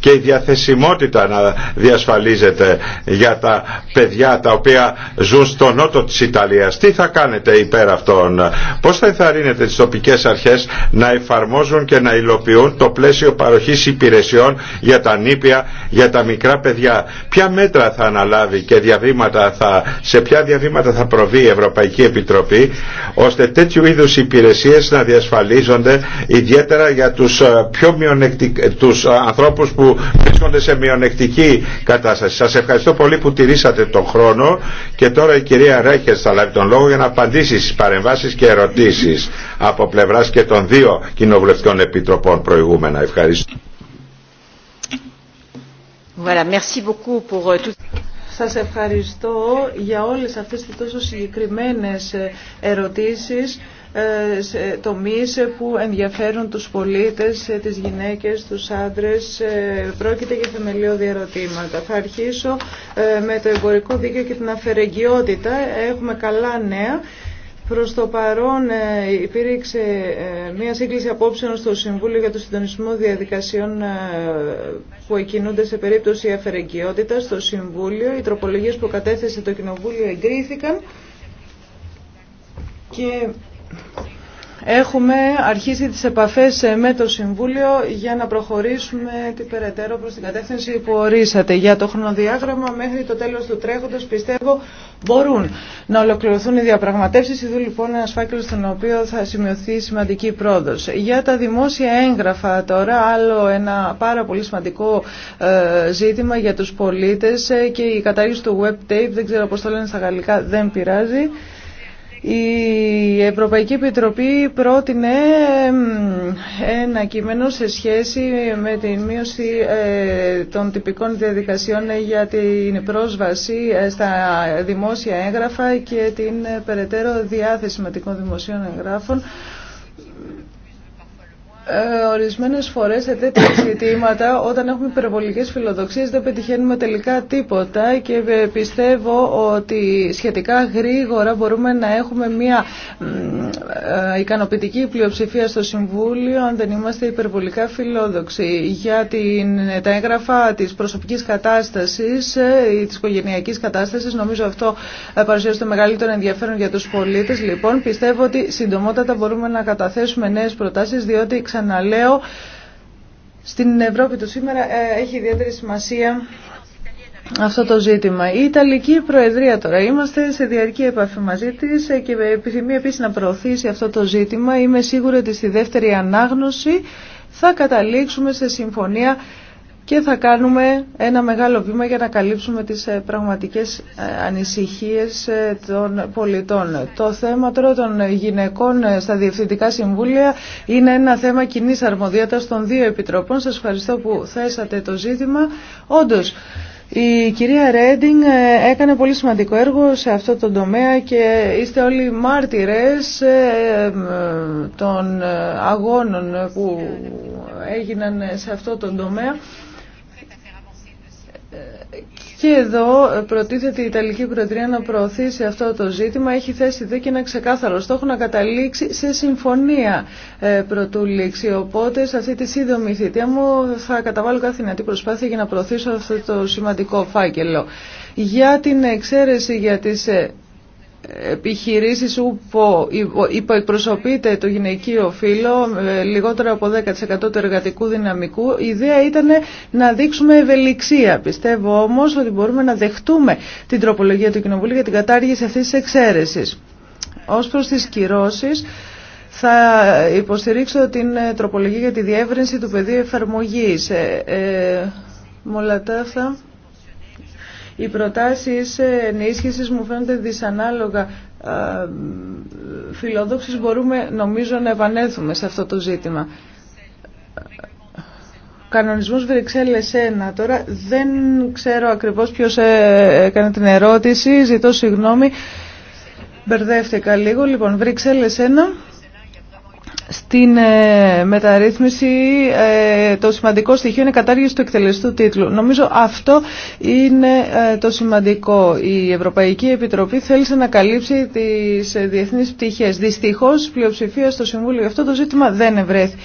Speaker 3: και η διαθεσιμότητα να διασφαλίζεται για τα παιδιά τα οποία ζουν στο νότο της Ιταλίας. Τι θα κάνετε υπέρ αυτών. Πώς θα ενθαρρύνετε τις τοπικές αρχές να εφαρμόζουν και να υλοποιούν το πλαίσιο παροχής υπηρεσιών για τα νήπια, για τα μικρά παιδιά. Ποια μέτρα θα αναλάβει και διαβήματα θα, σε ποια διαβήματα θα προβεί η Ευρωπαϊκή Επιτροπή ώστε τέτοιου είδους υπηρεσίες να διασφαλίζονται ιδιαίτερα για τους, ε, πιο μειονεκτικ... τους ε, ανθρώπους που βρίσκονται σε μειονεκτική κατάσταση. Σας ευχαριστώ πολύ που τηρήσατε τον χρόνο και τώρα η κυρία Έχετε θα τον λόγο για να απαντήσει στι παρεμβάσει και ερωτήσει από πλευρά και των δύο κοινοβουλευτικών επιτροπών προηγούμενα. Ευχαριστώ.
Speaker 2: Voilà, euh, Σας ευχαριστώ για όλες αυτές τις τόσο συγκεκριμένες ε, ερωτήσεις. Ε, τομείς που ενδιαφέρουν τους πολίτες, ε, τις γυναίκες, τους άντρες. Ε, πρόκειται για θεμελιώδη ερωτήματα. Θα αρχίσω με το εμπορικό δίκαιο και την αφαιρεγγιότητα. Έχουμε καλά νέα. Προς το παρόν υπήρξε μία σύγκληση απόψεων στο Συμβούλιο για το Συντονισμό Διαδικασιών που εκκινούνται σε περίπτωση αφαιρεγγιότητα στο Συμβούλιο. Οι τροπολογίες που κατέθεσε το Κοινοβούλιο εγκρίθηκαν Έχουμε αρχίσει τις επαφές ε, με το Συμβούλιο για να προχωρήσουμε την περαιτέρω προς την κατεύθυνση που ορίσατε. Για το χρονοδιάγραμμα μέχρι το τέλος του τρέχοντος πιστεύω μπορούν να ολοκληρωθούν οι διαπραγματεύσεις. Εδώ λοιπόν ένα φάκελο στον οποίο θα σημειωθεί σημαντική πρόοδος. Για τα δημόσια έγγραφα τώρα άλλο ένα πάρα πολύ σημαντικό ε, ζήτημα για τους πολίτες ε, και η κατάργηση του web tape, δεν ξέρω πώς το λένε στα γαλλικά, δεν πειράζει. Η Ευρωπαϊκή Επιτροπή πρότεινε ένα κείμενο σε σχέση με τη μείωση ε, των τυπικών διαδικασιών για την πρόσβαση ε, στα δημόσια έγγραφα και την ε, περαιτέρω διάθεση σημαντικών δημοσίων εγγράφων ε, Ορισμένε φορέ σε τέτοια ζητήματα όταν έχουμε υπερβολικέ φιλοδοξίε δεν πετυχαίνουμε τελικά τίποτα και ε, πιστεύω ότι σχετικά γρήγορα μπορούμε να έχουμε μια ε, ικανοποιητική πλειοψηφία στο Συμβούλιο αν δεν είμαστε υπερβολικά φιλόδοξοι. Για την, τα έγγραφα της προσωπικής κατάστασης ε, ή της οικογενειακής κατάστασης νομίζω αυτό ε, παρουσιάζει το μεγαλύτερο ενδιαφέρον για τους πολίτες. Λοιπόν, πιστεύω ότι συντομότατα μπορούμε να καταθέσουμε νέες προτάσεις διότι ξαναλέω στην Ευρώπη του σήμερα έχει ιδιαίτερη σημασία αυτό το ζήτημα. Η Ιταλική Προεδρία τώρα. Είμαστε σε διαρκή επαφή μαζί τη ε, και επιθυμεί επίση να προωθήσει αυτό το ζήτημα. Είμαι σίγουρη ότι στη δεύτερη ανάγνωση θα καταλήξουμε σε συμφωνία και θα κάνουμε ένα μεγάλο βήμα για να καλύψουμε τις ε, πραγματικές ε, ανησυχίες των πολιτών. Το θέμα τώρα των γυναικών στα διευθυντικά συμβούλια είναι ένα θέμα κοινής αρμοδιότητας των δύο επιτροπών. Σας ευχαριστώ που θέσατε το ζήτημα. Όντως, η κυρία Ρέντινγκ ε, έκανε πολύ σημαντικό έργο σε αυτό το τομέα και είστε όλοι μάρτυρες ε, των ε, αγώνων που έγιναν σε αυτό το τομέα και εδώ ε, προτίθεται η Ιταλική Προεδρία να προωθήσει αυτό το ζήτημα. Έχει θέσει δε και ένα ξεκάθαρο στόχο να καταλήξει σε συμφωνία ε, πρωτού Οπότε σε αυτή τη σύντομη θητεία μου θα καταβάλω κάθε δυνατή προσπάθεια για να προωθήσω αυτό το σημαντικό φάκελο. Για την εξαίρεση για τις ε, επιχειρήσεις που υποεκπροσωπείται το γυναικείο φύλλο λιγότερο από 10% του εργατικού δυναμικού η ιδέα ήταν να δείξουμε ευελιξία πιστεύω όμως ότι μπορούμε να δεχτούμε την τροπολογία του Κοινοβουλίου για την κατάργηση αυτής της εξαίρεσης ως προς τις κυρώσεις θα υποστηρίξω την ε, τροπολογία για τη διεύρυνση του πεδίου εφαρμογής ε, ε οι προτάσεις ενίσχυσης μου φαίνονται δυσανάλογα φιλόδοξης. Μπορούμε νομίζω να επανέλθουμε σε αυτό το ζήτημα. Κανονισμός Βρυξέλλες 1. Τώρα δεν ξέρω ακριβώς ποιος ε, έκανε την ερώτηση. Ζητώ συγγνώμη. Μπερδεύτηκα λίγο. Λοιπόν, Βρυξέλλες 1. Στην ε, μεταρρύθμιση ε, το σημαντικό στοιχείο είναι η κατάργηση του εκτελεστού τίτλου. Νομίζω αυτό είναι ε, το σημαντικό. Η Ευρωπαϊκή Επιτροπή θέλησε να καλύψει τις διεθνείς πτυχές. Δυστυχώς πλειοψηφία στο Συμβούλιο αυτό το ζήτημα δεν ευρέθη.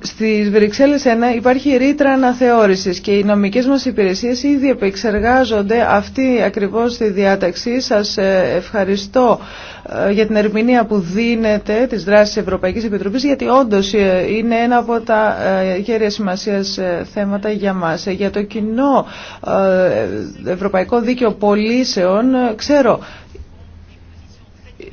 Speaker 2: Στι Βρυξέλλες 1 υπάρχει ρήτρα αναθεώρηση και οι νομικές μας υπηρεσίες ήδη επεξεργάζονται αυτή ακριβώς τη διάταξη. Σας ε, ευχαριστώ ε, για την ερμηνεία που δίνετε τη δράση τη Ευρωπαϊκής Επιτροπή, γιατί όντω ε, είναι ένα από τα χέρια σημασία θέματα για μας. Για το κοινό Ευρωπαϊκό Δίκαιο Πολίσεων ξέρω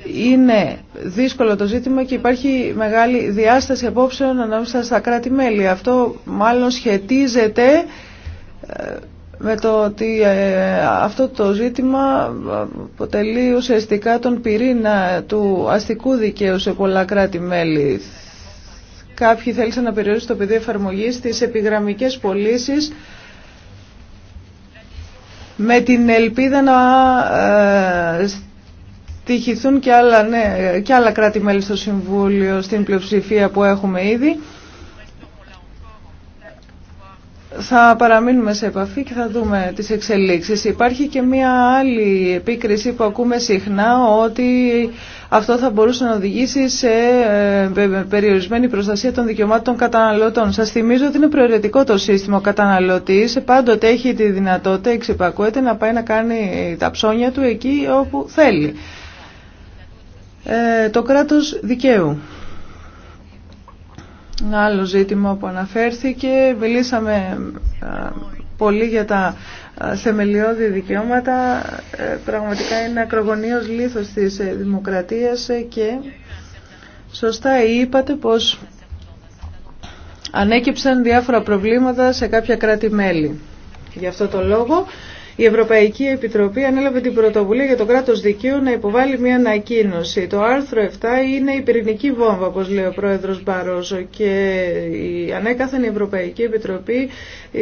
Speaker 2: είναι δύσκολο το ζήτημα και υπάρχει μεγάλη διάσταση απόψεων ανάμεσα στα κράτη-μέλη. Αυτό μάλλον σχετίζεται ε, με το ότι ε, αυτό το ζήτημα ε, αποτελεί ουσιαστικά τον πυρήνα του αστικού δικαίου σε πολλά κράτη-μέλη. Κάποιοι θέλησαν να περιορίσουν το πεδίο εφαρμογή στι επιγραμμικές πωλήσει με την ελπίδα να τυχηθούν και άλλα, ναι, και άλλα κράτη-μέλη στο Συμβούλιο στην πλειοψηφία που έχουμε ήδη. Θα παραμείνουμε σε επαφή και θα δούμε τις εξελίξεις. Υπάρχει και μία άλλη επίκριση που ακούμε συχνά ότι αυτό θα μπορούσε να οδηγήσει σε ε, ε, περιορισμένη προστασία των δικαιωμάτων των καταναλωτών. Σας θυμίζω ότι είναι προαιρετικό το σύστημα. Ο καταναλωτής πάντοτε έχει τη δυνατότητα, εξυπακούεται, να πάει να κάνει τα ψώνια του εκεί όπου θέλει. Ε, το κράτος δικαίου. Ένα άλλο ζήτημα που αναφέρθηκε, μιλήσαμε ε, πολύ για τα ε, θεμελιώδη δικαιώματα, πραγματικά είναι ακρογωνίως λίθος της δημοκρατίας και σωστά είπατε πως ανέκυψαν διάφορα προβλήματα σε κάποια κράτη-μέλη. Γι' αυτό το λόγο η Ευρωπαϊκή Επιτροπή ανέλαβε την πρωτοβουλία για το κράτος δικαίου να υποβάλει μια ανακοίνωση. Το άρθρο 7 είναι η πυρηνική βόμβα, όπως λέει ο πρόεδρο Μπαρόζο και η ανέκαθεν η Ευρωπαϊκή Επιτροπή ε,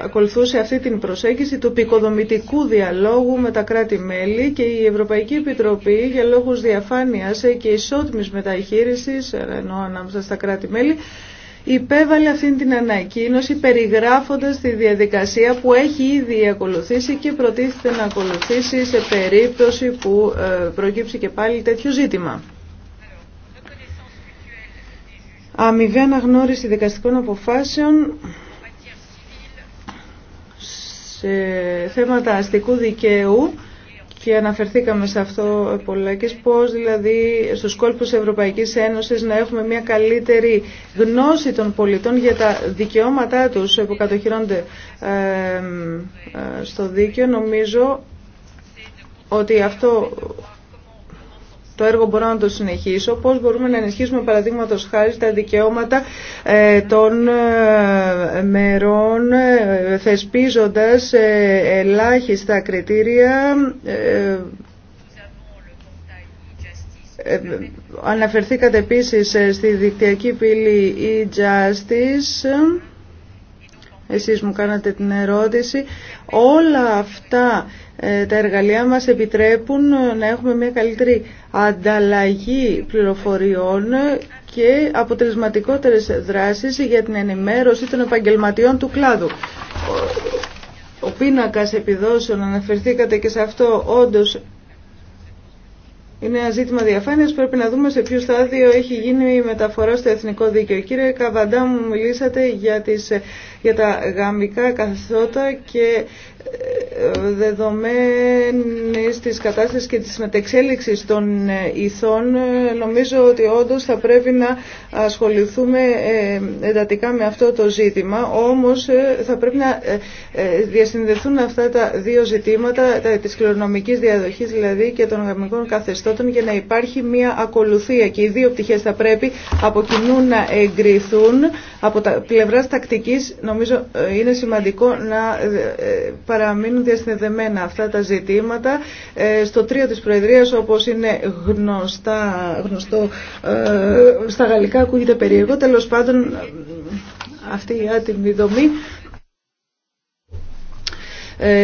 Speaker 2: ακολουθούσε αυτή την προσέγγιση του πικοδομητικού διαλόγου με τα κράτη-μέλη και η Ευρωπαϊκή Επιτροπή για λόγους διαφάνειας και ισότιμης μεταχείρισης ε, ενώ ανάμεσα στα κράτη-μέλη υπέβαλε αυτή την ανακοίνωση περιγράφοντας τη διαδικασία που έχει ήδη ακολουθήσει και προτίθεται να ακολουθήσει σε περίπτωση που ε, προκύψει και πάλι τέτοιο ζήτημα. Αμοιβή αναγνώριση δικαστικών αποφάσεων σε θέματα αστικού δικαίου και αναφερθήκαμε σε αυτό και ε, πώς δηλαδή στους κόλπους Ευρωπαϊκής Ένωσης να έχουμε μια καλύτερη γνώση των πολιτών για τα δικαιώματά τους που κατοχυρώνται ε, ε, στο δίκαιο. Νομίζω ότι αυτό το έργο μπορώ να το συνεχίσω, πώς μπορούμε να ενισχύσουμε παραδείγματο χάρη τα δικαιώματα ε, των ε, μερών ε, θεσπίζοντας ελάχιστα κριτήρια Αναφερθήκατε επίσης στη δικτυακή πύλη e-Justice. Εσείς μου κάνατε την ερώτηση. Όλα αυτά ε, τα εργαλεία μας επιτρέπουν ε, να έχουμε μια καλύτερη ανταλλαγή πληροφοριών και αποτελεσματικότερες δράσεις για την ενημέρωση των επαγγελματιών του κλάδου. Ο πίνακας επιδόσεων, αναφερθήκατε και σε αυτό, όντως είναι ένα ζήτημα διαφάνειας. Πρέπει να δούμε σε ποιο στάδιο έχει γίνει η μεταφορά στο εθνικό δίκαιο. Κύριε Καβαντά, μου μιλήσατε για τις... Ε, για τα γαμικά καθεστώτα και ε, δεδομένης της κατάστασης και της μετεξέλιξης των ε, ηθών ε, νομίζω ότι όντως θα πρέπει να ασχοληθούμε εντατικά με αυτό το ζήτημα όμως θα πρέπει να διασυνδεθούν αυτά τα δύο ζητήματα της κληρονομικής διαδοχής δηλαδή και των γαμικών καθεστώτων για να υπάρχει μια ακολουθία και οι δύο πτυχές θα πρέπει από κοινού να εγκριθούν από τα πλευράς τακτικής νομίζω ε, είναι σημαντικό να ε, ε, παραμείνουν διασυνδεδεμένα αυτά τα ζητήματα στο τρίο της Προεδρίας όπως είναι γνωστά, γνωστό στα γαλλικά ακούγεται περίεργο τέλος πάντων αυτή η άτιμη δομή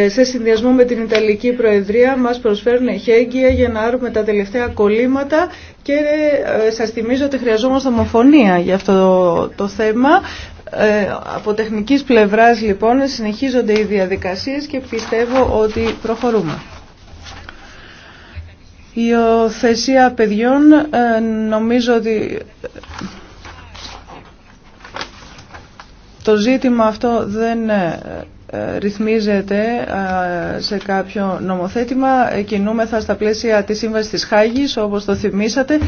Speaker 2: σε συνδυασμό με την Ιταλική Προεδρία μας προσφέρουν εχέγγυα για να άρουμε τα τελευταία κολλήματα και σας θυμίζω ότι χρειαζόμαστε ομοφωνία για αυτό το θέμα. Ε, από τεχνικής πλευράς λοιπόν συνεχίζονται οι διαδικασίες και πιστεύω ότι προχωρούμε. Η οθεσία παιδιών ε, νομίζω ότι ε, το ζήτημα αυτό δεν ρυθμίζεται σε κάποιο νομοθέτημα. Κινούμεθα στα πλαίσια της Σύμβασης της Χάγης, όπως το θυμήσατε.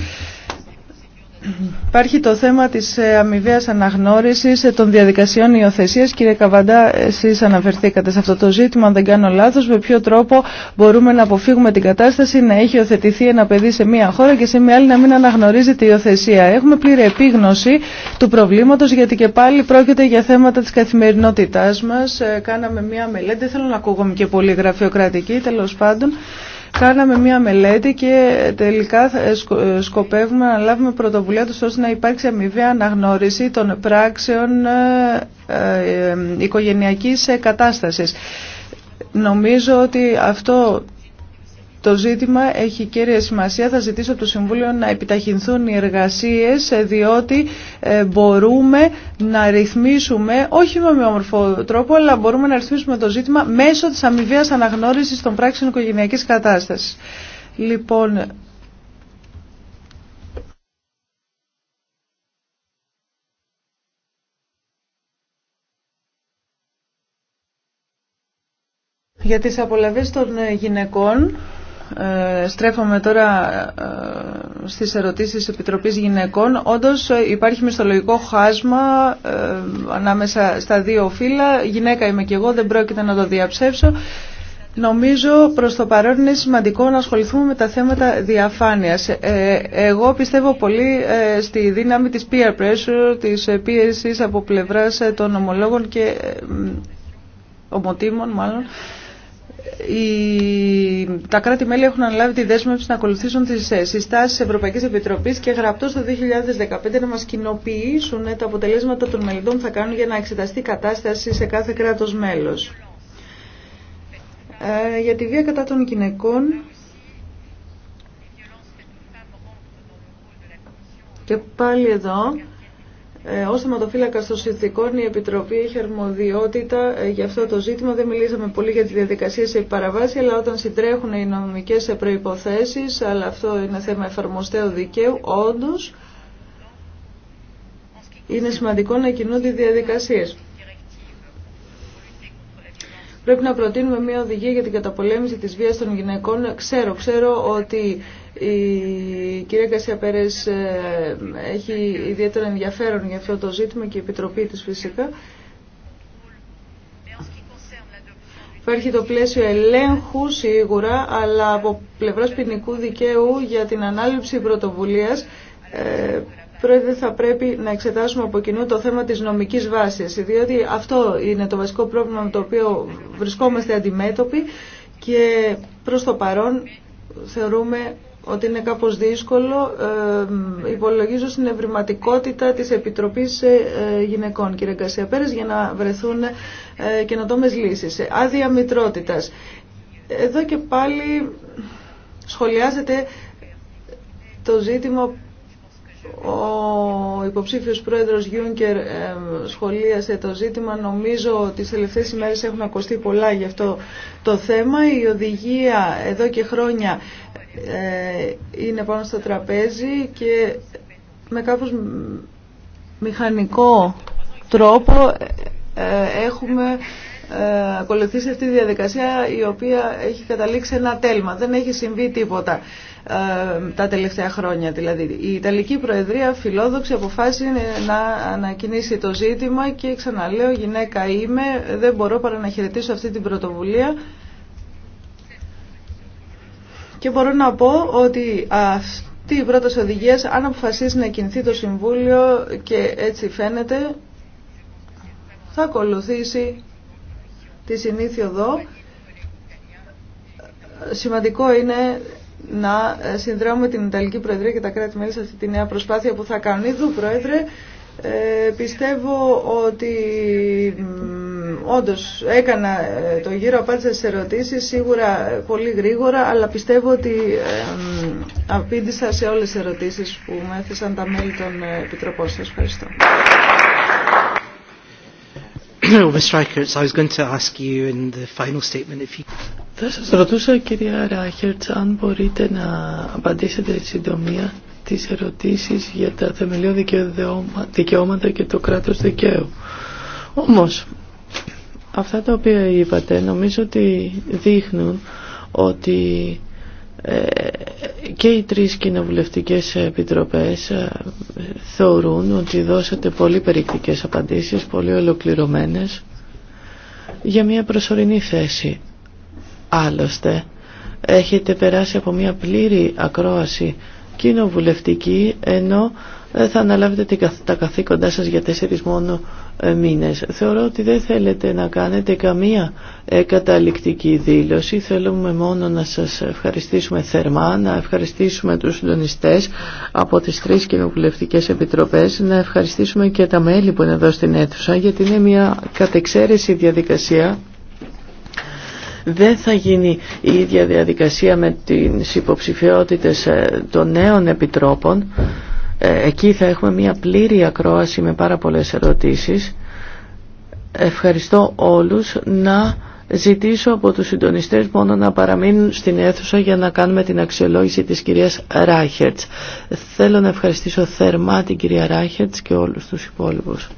Speaker 2: Υπάρχει το θέμα της ε, αμοιβαία αναγνώρισης ε, των διαδικασιών υιοθεσία. Κύριε Καβαντά, εσείς αναφερθήκατε σε αυτό το ζήτημα, αν δεν κάνω λάθος, με ποιο τρόπο μπορούμε να αποφύγουμε την κατάσταση να έχει υιοθετηθεί ένα παιδί σε μία χώρα και σε μία άλλη να μην αναγνωρίζεται η υιοθεσία. Έχουμε πλήρη επίγνωση του προβλήματος, γιατί και πάλι πρόκειται για θέματα της καθημερινότητάς μας. Ε, κάναμε μία μελέτη, δεν θέλω να ακούγομαι και πολύ γραφειοκρατική, τέλος πάντων. Κάναμε μία μελέτη και τελικά ε, ε, σκοπεύουμε να λάβουμε πρωτοβουλία τους ώστε να υπάρξει αμοιβαία αναγνώριση των πράξεων ε, οικογενειακής κατάστασης. Νομίζω ότι αυτό το ζήτημα έχει κέρια σημασία. Θα ζητήσω από το Συμβούλιο να επιταχυνθούν οι εργασίες ε, διότι ε, μπορούμε να ρυθμίσουμε, όχι με όμορφο τρόπο, αλλά μπορούμε να ρυθμίσουμε το ζήτημα μέσω της αμοιβαίας αναγνώρισης των πράξεων οικογενειακής κατάστασης. Λοιπόν, για τις απολαυές των γυναικών ε, στρέφομαι τώρα ε, στις ερωτήσεις της Επιτροπής Γυναικών. Όντως ε, υπάρχει μισθολογικό χάσμα ανάμεσα στα δύο φύλλα. Γυναίκα είμαι και εγώ, δεν πρόκειται να το διαψεύσω. Νομίζω προς το παρόν είναι σημαντικό να ασχοληθούμε με τα θέματα διαφάνειας. εγώ πιστεύω πολύ στη δύναμη της peer pressure, της πίεσης από πλευράς των ομολόγων και ομοτήμων μάλλον τα κράτη-μέλη έχουν αναλάβει τη δέσμευση να ακολουθήσουν τις ε, συστάσεις Ευρωπαϊκής Επιτροπής και γραπτό το 2015 να μας κοινοποιήσουν ε, τα αποτελέσματα των μελετών που θα κάνουν για να εξεταστεί η κατάσταση σε κάθε κράτος μέλος. Ε, για τη βία κατά των γυναικών και πάλι εδώ ε, Ω θεματοφύλακα των συνθηκών, η Επιτροπή έχει αρμοδιότητα ε, για αυτό το ζήτημα. Δεν μιλήσαμε πολύ για τη διαδικασία σε παραβάση, αλλά όταν συντρέχουν οι νομικέ προποθέσει, αλλά αυτό είναι θέμα εφαρμοστέου δικαίου, όντω είναι σημαντικό να κινούνται οι διαδικασίε. Πρέπει να προτείνουμε μια οδηγία για την καταπολέμηση της βίας των γυναικών. Ξέρω, ξέρω ότι η κυρία Κασιά Πέρες ε, έχει ιδιαίτερα ενδιαφέρον για αυτό το ζήτημα και η Επιτροπή της φυσικά. Υπάρχει το πλαίσιο ελέγχου σίγουρα, αλλά από πλευρά ποινικού δικαίου για την ανάληψη πρωτοβουλίας ε, θα πρέπει να εξετάσουμε από κοινού το θέμα της νομικής βάσης, διότι αυτό είναι το βασικό πρόβλημα με το οποίο βρισκόμαστε αντιμέτωποι και προς το παρόν θεωρούμε ότι είναι κάπως δύσκολο. Ε, υπολογίζω στην ευρηματικότητα της Επιτροπής ε, ε, Γυναικών, κύριε Γκασία Πέρες, για να βρεθούν ε, καινοτόμες λύσεις. Ε, άδεια μητρότητας. Εδώ και πάλι σχολιάζεται το ζήτημα ο υποψήφιος πρόεδρος Γιούνκερ ε, σχολίασε το ζήτημα. Νομίζω ότι τις τελευταίες ημέρες έχουν ακουστεί πολλά για αυτό το θέμα. Η οδηγία εδώ και χρόνια ε, είναι πάνω στο τραπέζι και με κάπως μηχανικό τρόπο ε, έχουμε ε, ακολουθήσει αυτή τη διαδικασία η οποία έχει καταλήξει ένα τέλμα. Δεν έχει συμβεί τίποτα ε, τα τελευταία χρόνια. Δηλαδή, η Ιταλική Προεδρία φιλόδοξη αποφάσισε να ανακοινήσει το ζήτημα και ξαναλέω γυναίκα είμαι, δεν μπορώ παρά να χαιρετήσω αυτή την πρωτοβουλία. Και μπορώ να πω ότι αυτή η πρώτη οδηγία, αν αποφασίσει να κινηθεί το Συμβούλιο και έτσι φαίνεται, θα ακολουθήσει τη συνήθεια εδώ. Σημαντικό είναι να συνδράμουμε την Ιταλική Προεδρία και τα κράτη-μέλη σε αυτή τη νέα προσπάθεια που θα κάνουν. Ήδου, Πρόεδρε, ε, πιστεύω ότι όντως έκανα ε, το γύρο, απάντησα σε ερωτήσεις, σίγουρα ε, πολύ γρήγορα, αλλά πιστεύω ότι απήντησα σε όλες τις ερωτήσεις που με έθεσαν τα μέλη των Επιτροπών. Σα ευχαριστώ.
Speaker 3: Θα
Speaker 1: σας ρωτούσα κυρία Ράχερτς, αν μπορείτε να απαντήσετε συντομία τις ερωτήσεις για τα θεμελιώδη δικαιώματα και το κράτος δικαίου. Όμως, αυτά τα οποία είπατε νομίζω ότι δείχνουν ότι ε, και οι τρεις κοινοβουλευτικές επιτροπές ε, θεωρούν ότι δώσατε πολύ περιεκτικές απαντήσεις, πολύ ολοκληρωμένες για μια προσωρινή θέση. Άλλωστε, έχετε περάσει από μια πλήρη ακρόαση κοινοβουλευτική ενώ ε, θα αναλάβετε τα καθήκοντά σας για τέσσερις μόνο ε, μήνες. Θεωρώ ότι δεν θέλετε να κάνετε καμία ε, καταληκτική δήλωση. Θέλουμε μόνο να σας ευχαριστήσουμε θερμά, να ευχαριστήσουμε τους συντονιστές από τις τρεις κοινοβουλευτικέ επιτροπές, να ευχαριστήσουμε και τα μέλη που είναι εδώ στην αίθουσα, γιατί είναι μια κατεξαίρεση διαδικασία δεν θα γίνει η ίδια διαδικασία με τις υποψηφιότητες των νέων επιτρόπων. Ε, εκεί θα έχουμε μια πλήρη ακρόαση με πάρα πολλές ερωτήσεις. Ευχαριστώ όλους να ζητήσω από τους συντονιστές μόνο να παραμείνουν στην αίθουσα για να κάνουμε την αξιολόγηση της κυρίας Ράχερτς. Θέλω να ευχαριστήσω θερμά την κυρία Ράχερτς και όλους τους υπόλοιπους.